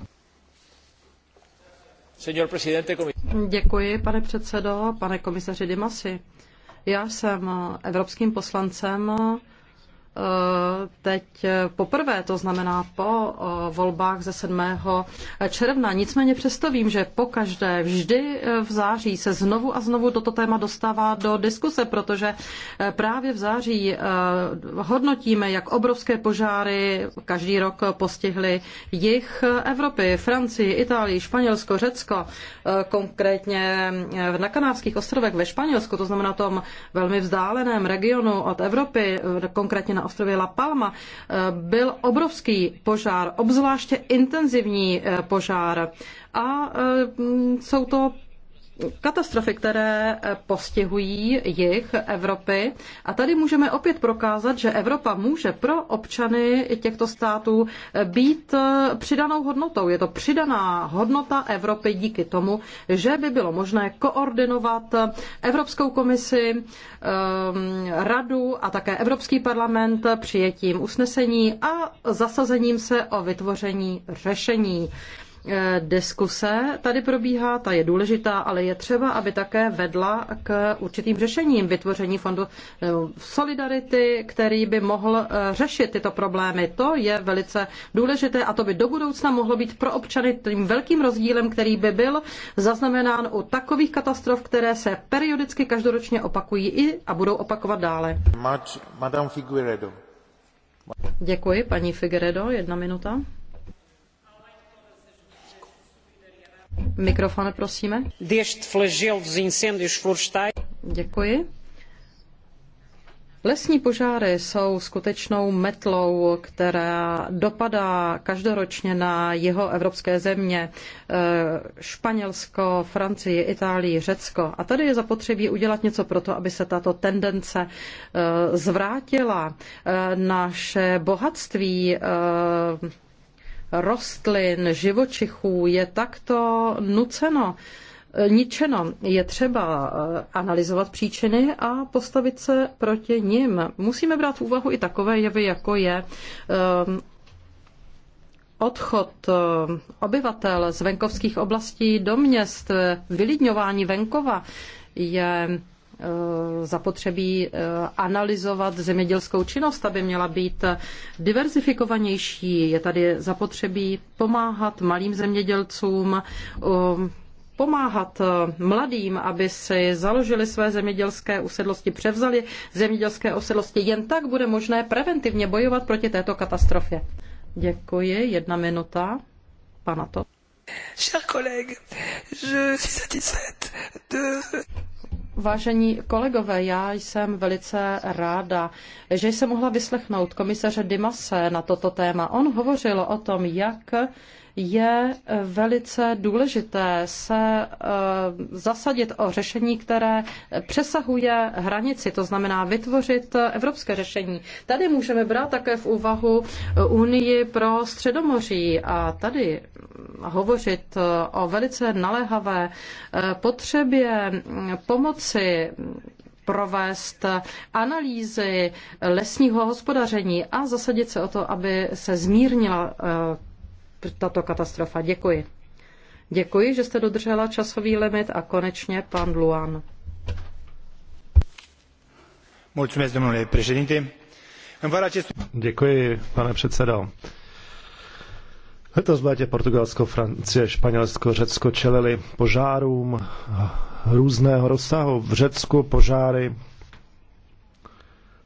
Děkuji, pane předsedo, pane komisaři Dimasi. Já jsem evropským poslancem teď poprvé, to znamená po eh, volbách ze 7. června. Nicméně přesto vím, že po každé vždy eh, v září se znovu a znovu toto téma dostává do diskuse, protože eh, právě v září hodnotíme, jak obrovské požáry každý rok postihly jich Evropy, Francii, Itálii, Španělsko, Řecko, konkrétně na Kanárských ostrovech ve Španělsku, to znamená tom velmi vzdáleném regionu od Evropy, konkrétně na na ostrově La Palma eh, byl obrovský požár, obzvláště intenzivní eh, požár. A eh, jsou to katastrofy, které eh, postihují jich Evropy. A tady můžeme opět prokázat, že Evropa může pro občany těchto států eh, být eh, přidanou hodnotou. Je to přidaná hodnota Evropy díky tomu, že by bylo možné koordinovat Evropskou komisi, radu a také Evropský parlament přijetím usnesení a zasazením se o vytvoření řešení. Eh, diskuse tady probíhá, ta je důležitá, ale je třeba, aby také vedla k určitým řešením vytvoření fondu eh, solidarity, který by mohl eh, řešit tyto problémy. To je velice důležité a to by do budoucna mohlo být pro občany tím velkým rozdílem, který by byl zaznamenán u takových katastrof, které se periodicky každoročně opakují i a budou opakovat dále. Madame Děkuji, paní Figueredo, jedna minuta. Mikrofon, prosíme. Deste flagelo dos incêndios florestais. Děkuji. Lesní požáry jsou skutečnou metlou, která dopadá každoročně na jeho evropské země, eh, Španělsko, Francii, Itálii, Řecko. A tady je zapotřebí udělat něco pro to, aby se tato tendence eh, zvrátila. Eh, naše bohatství rostlin, živočichů je takto nuceno, e, ničeno. Je třeba e, analyzovat příčiny a postavit se proti nim. Musíme brát v úvahu i takové jevy, jako je e, odchod obyvatel z venkovských oblastí do měst, vylidňování venkova je Eh, zapotřebí eh, analyzovat zemědělskou činnost, aby měla být diverzifikovanější. Je tady zapotřebí pomáhat malým zemědělcům, eh, pomáhat mladým, aby si založili své zemědělské usedlosti, převzali zemědělské usedlosti. Jen tak bude možné preventivně bojovat proti této katastrofě. Děkuji. Jedna minuta. Pana to. Chers collègues, je suis satisfaite de Vážení kolegové, já jsem velice ráda, že jsem mohla vyslechnout komisaře Dimase na toto téma. On hovořil o tom, jak je eh, velice důležité se eh, zasadit o řešení, které přesahuje hranici, to znamená vytvořit eh, evropské řešení. Tady můžeme brát také v úvahu Unii pro Středomoří a tady hm, hovořit o velice naléhavé potřebě hm, pomoci hm, provést analýzy lesního hospodaření a zasadit se o to, aby se zmírnila tato katastrofa. Děkuji. Děkuji, že jste dodržela časový limit a konečně pan Luan. Děkuji, pane předsedo. Letos v létě Portugalsko, Francie, Španělsko, Řecko čelili požárům různého rozsahu. V Řecku požáry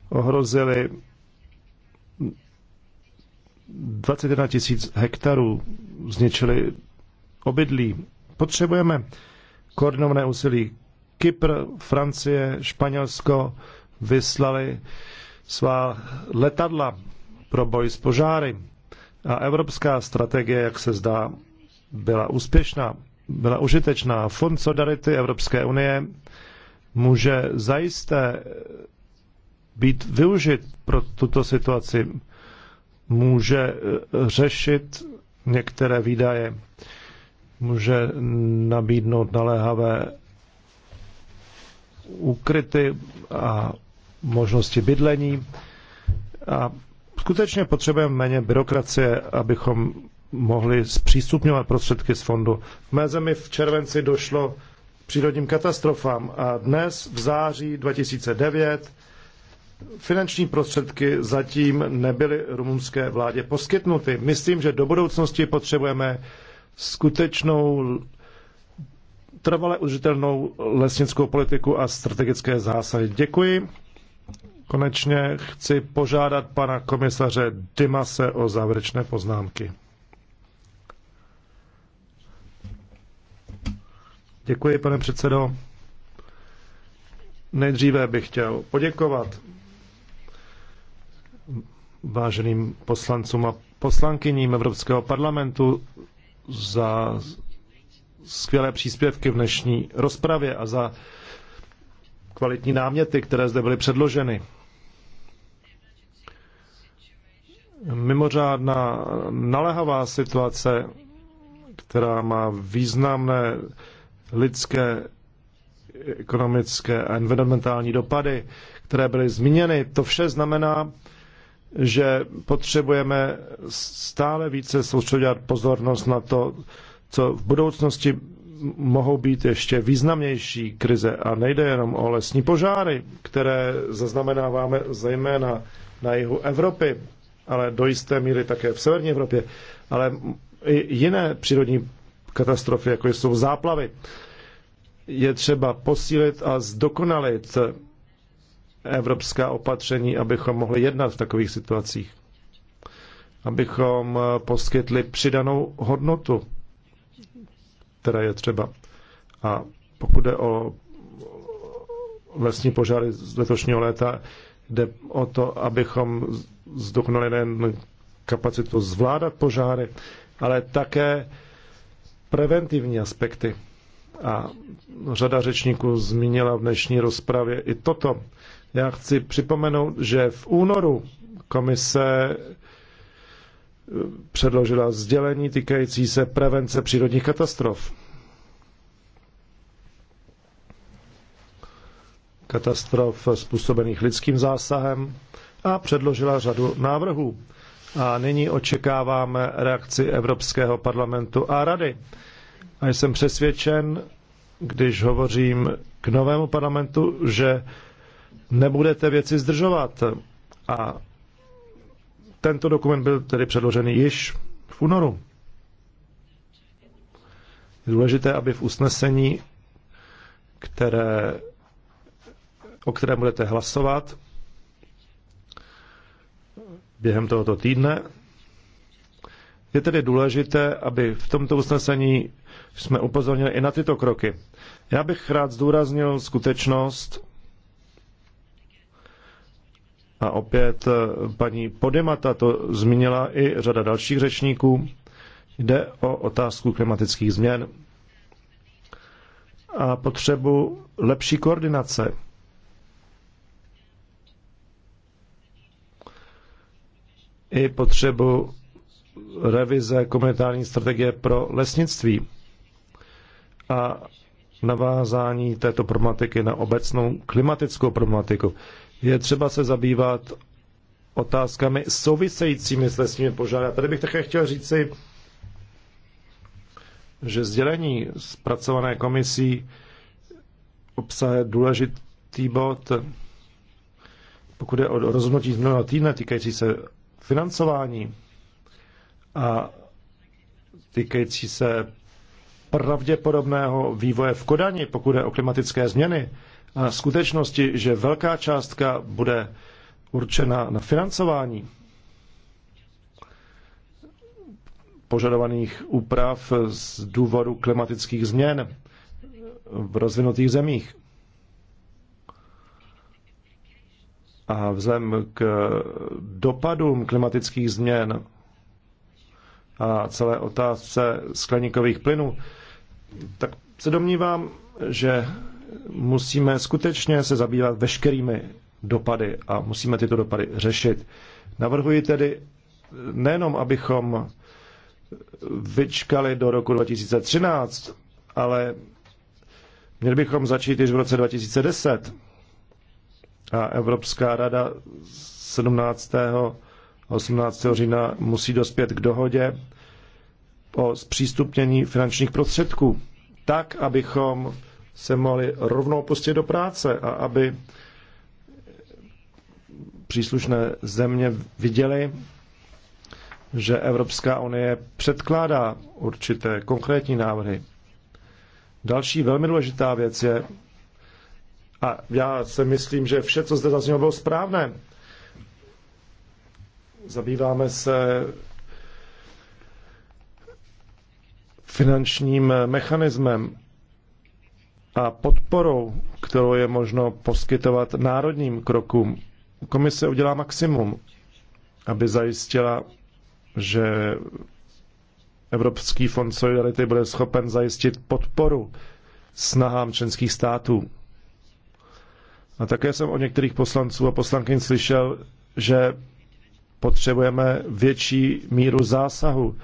ohrozily 21 tisíc hektarů zničili obydlí. Potřebujeme koordinované úsilí. Kypr, Francie, Španělsko vyslali svá letadla pro boj s požáry. A evropská strategie, jak se zdá, byla úspěšná, byla užitečná. Fond Solidarity Evropské unie může zajisté být využit pro tuto situaci může eh, řešit některé výdaje, může nabídnout naléhavé úkryty a možnosti bydlení. A skutečně potřebujeme méně byrokracie, abychom mohli zpřístupňovat prostředky z fondu. V mé zemi v červenci došlo k přírodním katastrofám a dnes v září 2009 Finanční prostředky zatím nebyly rumunské vládě poskytnuty. Myslím, že do budoucnosti potřebujeme skutečnou trvale užitelnou lesnickou politiku a strategické zásady. Děkuji. Konečně chci požádat pana komisaře Dimase o závěrečné poznámky. Děkuji, pane předsedo. Nejdříve bych chtěl poděkovat váženým poslancům a poslankyním Evropského parlamentu za skvělé příspěvky v dnešní rozpravě a za kvalitní náměty, které zde byly předloženy. Mimořádná naléhavá situace, která má významné lidské, ekonomické a environmentální dopady, které byly zmíněny, to vše znamená, že potřebujeme stále více soustředit pozornost na to, co v budoucnosti mohou být ještě významnější krize. A nejde jenom o lesní požáry, které zaznamenáváme zejména na jihu Evropy, ale do jisté míry také v severní Evropě, ale i jiné přírodní katastrofy, jako jsou záplavy. Je třeba posílit a zdokonalit evropská opatření, abychom mohli jednat v takových situacích. Abychom poskytli přidanou hodnotu, která je třeba. A pokud jde o lesní požáry z letošního léta, jde o to, abychom zdokonali nejen kapacitu zvládat požáry, ale také preventivní aspekty. A řada řečníků zmínila v dnešní rozpravě i toto. Já chci připomenout, že v únoru komise eh, předložila sdělení týkající se prevence přírodních katastrof. Katastrof způsobených lidským zásahem a předložila řadu návrhů. A nyní očekáváme reakci Evropského parlamentu a rady. A jsem přesvědčen, když hovořím k novému parlamentu, že nebudete věci zdržovat. A tento dokument byl tedy předložený již v únoru. Je důležité, aby v usnesení, které, o kterém budete hlasovat během tohoto týdne, je tedy důležité, aby v tomto usnesení jsme upozornili i na tyto kroky. Já bych rád zdůraznil skutečnost, a opět eh, paní Podemata to zmínila i řada dalších řečníků. Jde o otázku klimatických změn a potřebu lepší koordinace. I potřebu revize komunitární strategie pro lesnictví a navázání této problematiky na obecnou klimatickou problematiku je třeba se zabývat otázkami souvisejícími s lesními požáry. A tady bych také chtěl říci, že sdělení zpracované komisí obsahuje důležitý bod, pokud je o rozhodnutí z minulého týdne týkající se financování a týkající se pravděpodobného vývoje v Kodani, pokud je o klimatické změny, a skutečnosti, že velká částka bude určena na financování požadovaných úprav z důvodu klimatických změn v rozvinutých zemích. A vzhledem k dopadům klimatických změn a celé otázce skleníkových plynů, tak se domnívám, že musíme skutečně se zabývat veškerými dopady a musíme tyto dopady řešit. Navrhuji tedy nejenom, abychom vyčkali do roku 2013, ale měli bychom začít již v roce 2010. A Evropská rada 17. 18. října musí dospět k dohodě o zpřístupnění finančních prostředků, tak, abychom se mohli rovnou pustit do práce a aby příslušné země viděly, že Evropská unie předkládá určité konkrétní návrhy. Další velmi důležitá věc je, a já se myslím, že vše, co zde zaznělo, bylo správné. Zabýváme se finančním mechanismem a podporou, kterou je možno poskytovat národním krokům, komise udělá maximum, aby zajistila, že Evropský fond solidarity bude schopen zajistit podporu snahám členských států. A také jsem o některých poslanců a poslankyň slyšel, že potřebujeme větší míru zásahu,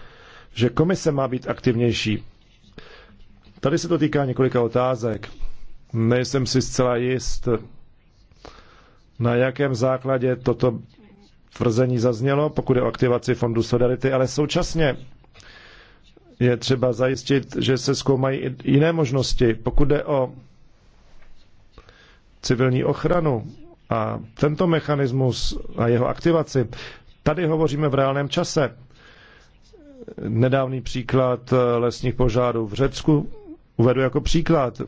že komise má být aktivnější. Tady se to týká několika otázek. Nejsem si zcela jist, na jakém základě toto tvrzení zaznělo, pokud je o aktivaci Fondu Solidarity, ale současně je třeba zajistit, že se zkoumají i jiné možnosti. Pokud jde o civilní ochranu a tento mechanismus a jeho aktivaci, tady hovoříme v reálném čase. Nedávný příklad lesních požárů v Řecku Uvedu jako příklad,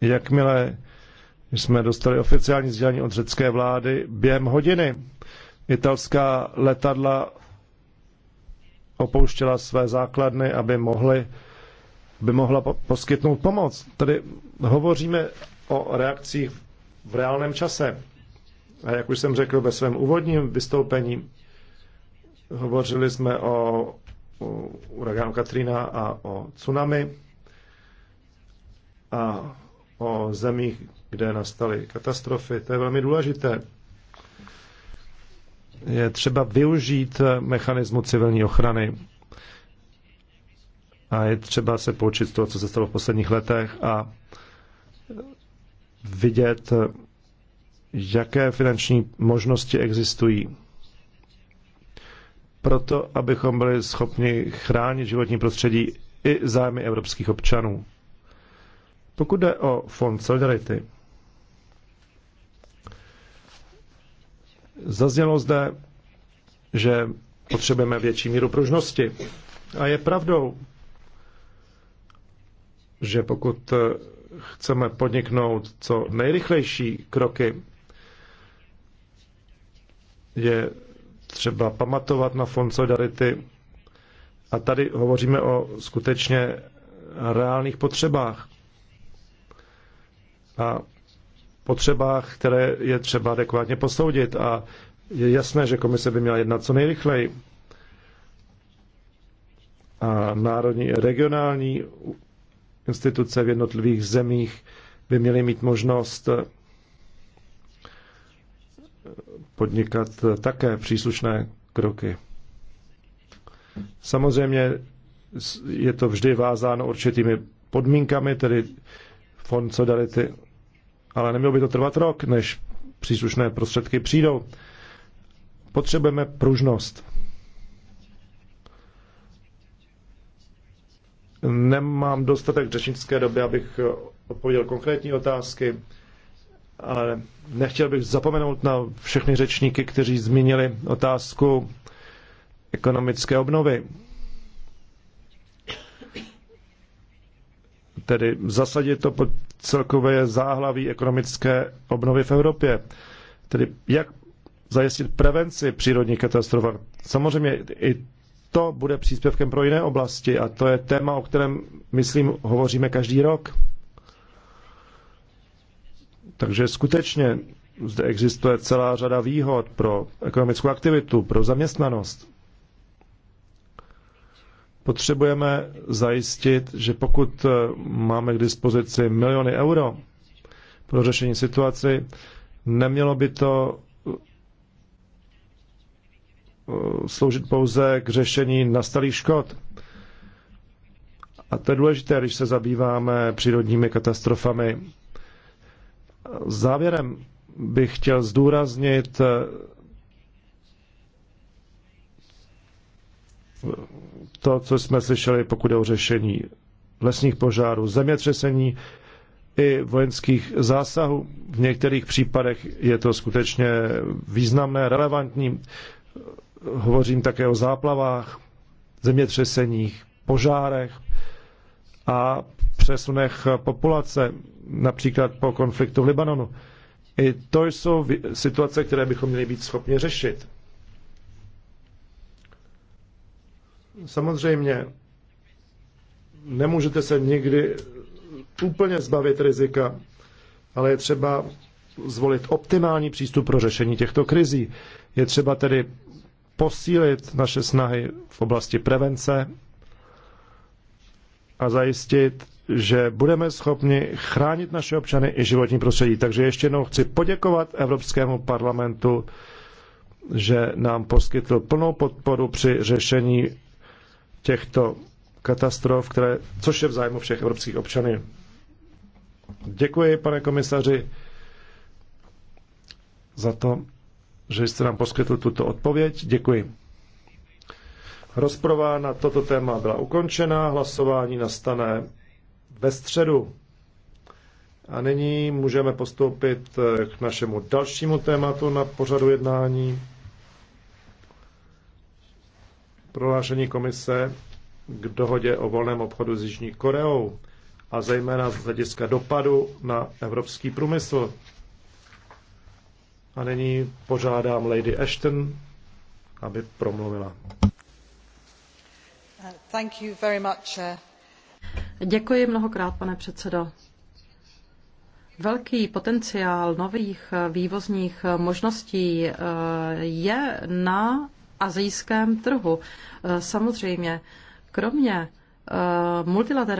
jakmile jsme dostali oficiální sdělení od řecké vlády během hodiny, italská letadla opouštěla své základny, aby mohly aby mohla poskytnout pomoc. Tady hovoříme o reakcích v reálném čase. A jak už jsem řekl ve svém úvodním vystoupení, hovořili jsme o, o uragánu Katrina a o tsunami a o zemích, kde nastaly katastrofy. To je velmi důležité. Je třeba využít mechanismu civilní ochrany a je třeba se poučit z toho, co se stalo v posledních letech a vidět, jaké finanční možnosti existují. Proto, abychom byli schopni chránit životní prostředí i zájmy evropských občanů. Pokud jde o fond Solidarity, zaznělo zde, že potřebujeme větší míru pružnosti. A je pravdou, že pokud eh, chceme podniknout co nejrychlejší kroky, je třeba pamatovat na fond solidarity. A tady hovoříme o skutečně reálných potřebách a potřebách, které je třeba adekvátně posoudit. A je jasné, že komise by měla jednat co nejrychleji. A národní regionální instituce v jednotlivých zemích by měly mít možnost podnikat také příslušné kroky. Samozřejmě je to vždy vázáno určitými podmínkami, tedy Fond Solidarity ale nemělo by to trvat rok, než příslušné prostředky přijdou. Potřebujeme pružnost. Nemám dostatek řečnické doby, abych odpověděl konkrétní otázky, ale nechtěl bych zapomenout na všechny řečníky, kteří zmínili otázku ekonomické obnovy. tedy zasadit to pod celkové záhlaví ekonomické obnovy v Evropě. Tedy jak zajistit prevenci přírodních katastrof. Samozřejmě i to bude příspěvkem pro jiné oblasti a to je téma, o kterém, myslím, hovoříme každý rok. Takže skutečně zde existuje celá řada výhod pro ekonomickou aktivitu, pro zaměstnanost. Potřebujeme zajistit, že pokud eh, máme k dispozici miliony euro pro řešení situaci, nemělo by to eh, sloužit pouze k řešení nastalých škod. A to je důležité, když se zabýváme přírodními katastrofami. Závěrem bych chtěl zdůraznit eh, to, co jsme slyšeli, pokud je o řešení lesních požárů, zemětřesení i vojenských zásahů. V některých případech je to skutečně významné, relevantní. Hovořím také o záplavách, zemětřeseních, požárech a přesunech populace, například po konfliktu v Libanonu. I to jsou situace, které bychom měli být schopni řešit. Samozřejmě nemůžete se nikdy úplně zbavit rizika, ale je třeba zvolit optimální přístup pro řešení těchto krizí. Je třeba tedy posílit naše snahy v oblasti prevence a zajistit, že budeme schopni chránit naše občany i životní prostředí. Takže ještě jednou chci poděkovat Evropskému parlamentu, že nám poskytl plnou podporu při řešení těchto katastrof, které, což je v zájmu všech evropských občanů. Děkuji, pane komisaři, za to, že jste nám poskytl tuto odpověď. Děkuji. Rozprava na toto téma byla ukončena, hlasování nastane ve středu. A nyní můžeme postoupit k našemu dalšímu tématu na pořadu jednání prohlášení komise k dohodě o volném obchodu s Jižní Koreou a zejména z hlediska dopadu na evropský průmysl. A nyní požádám Lady Ashton, aby promluvila. Thank you very much. Uh, Děkuji mnohokrát, pane předsedo. Velký potenciál nových uh, vývozních uh, možností je na azijském trhu. Eh, samozřejmě, kromě eh, multilaterální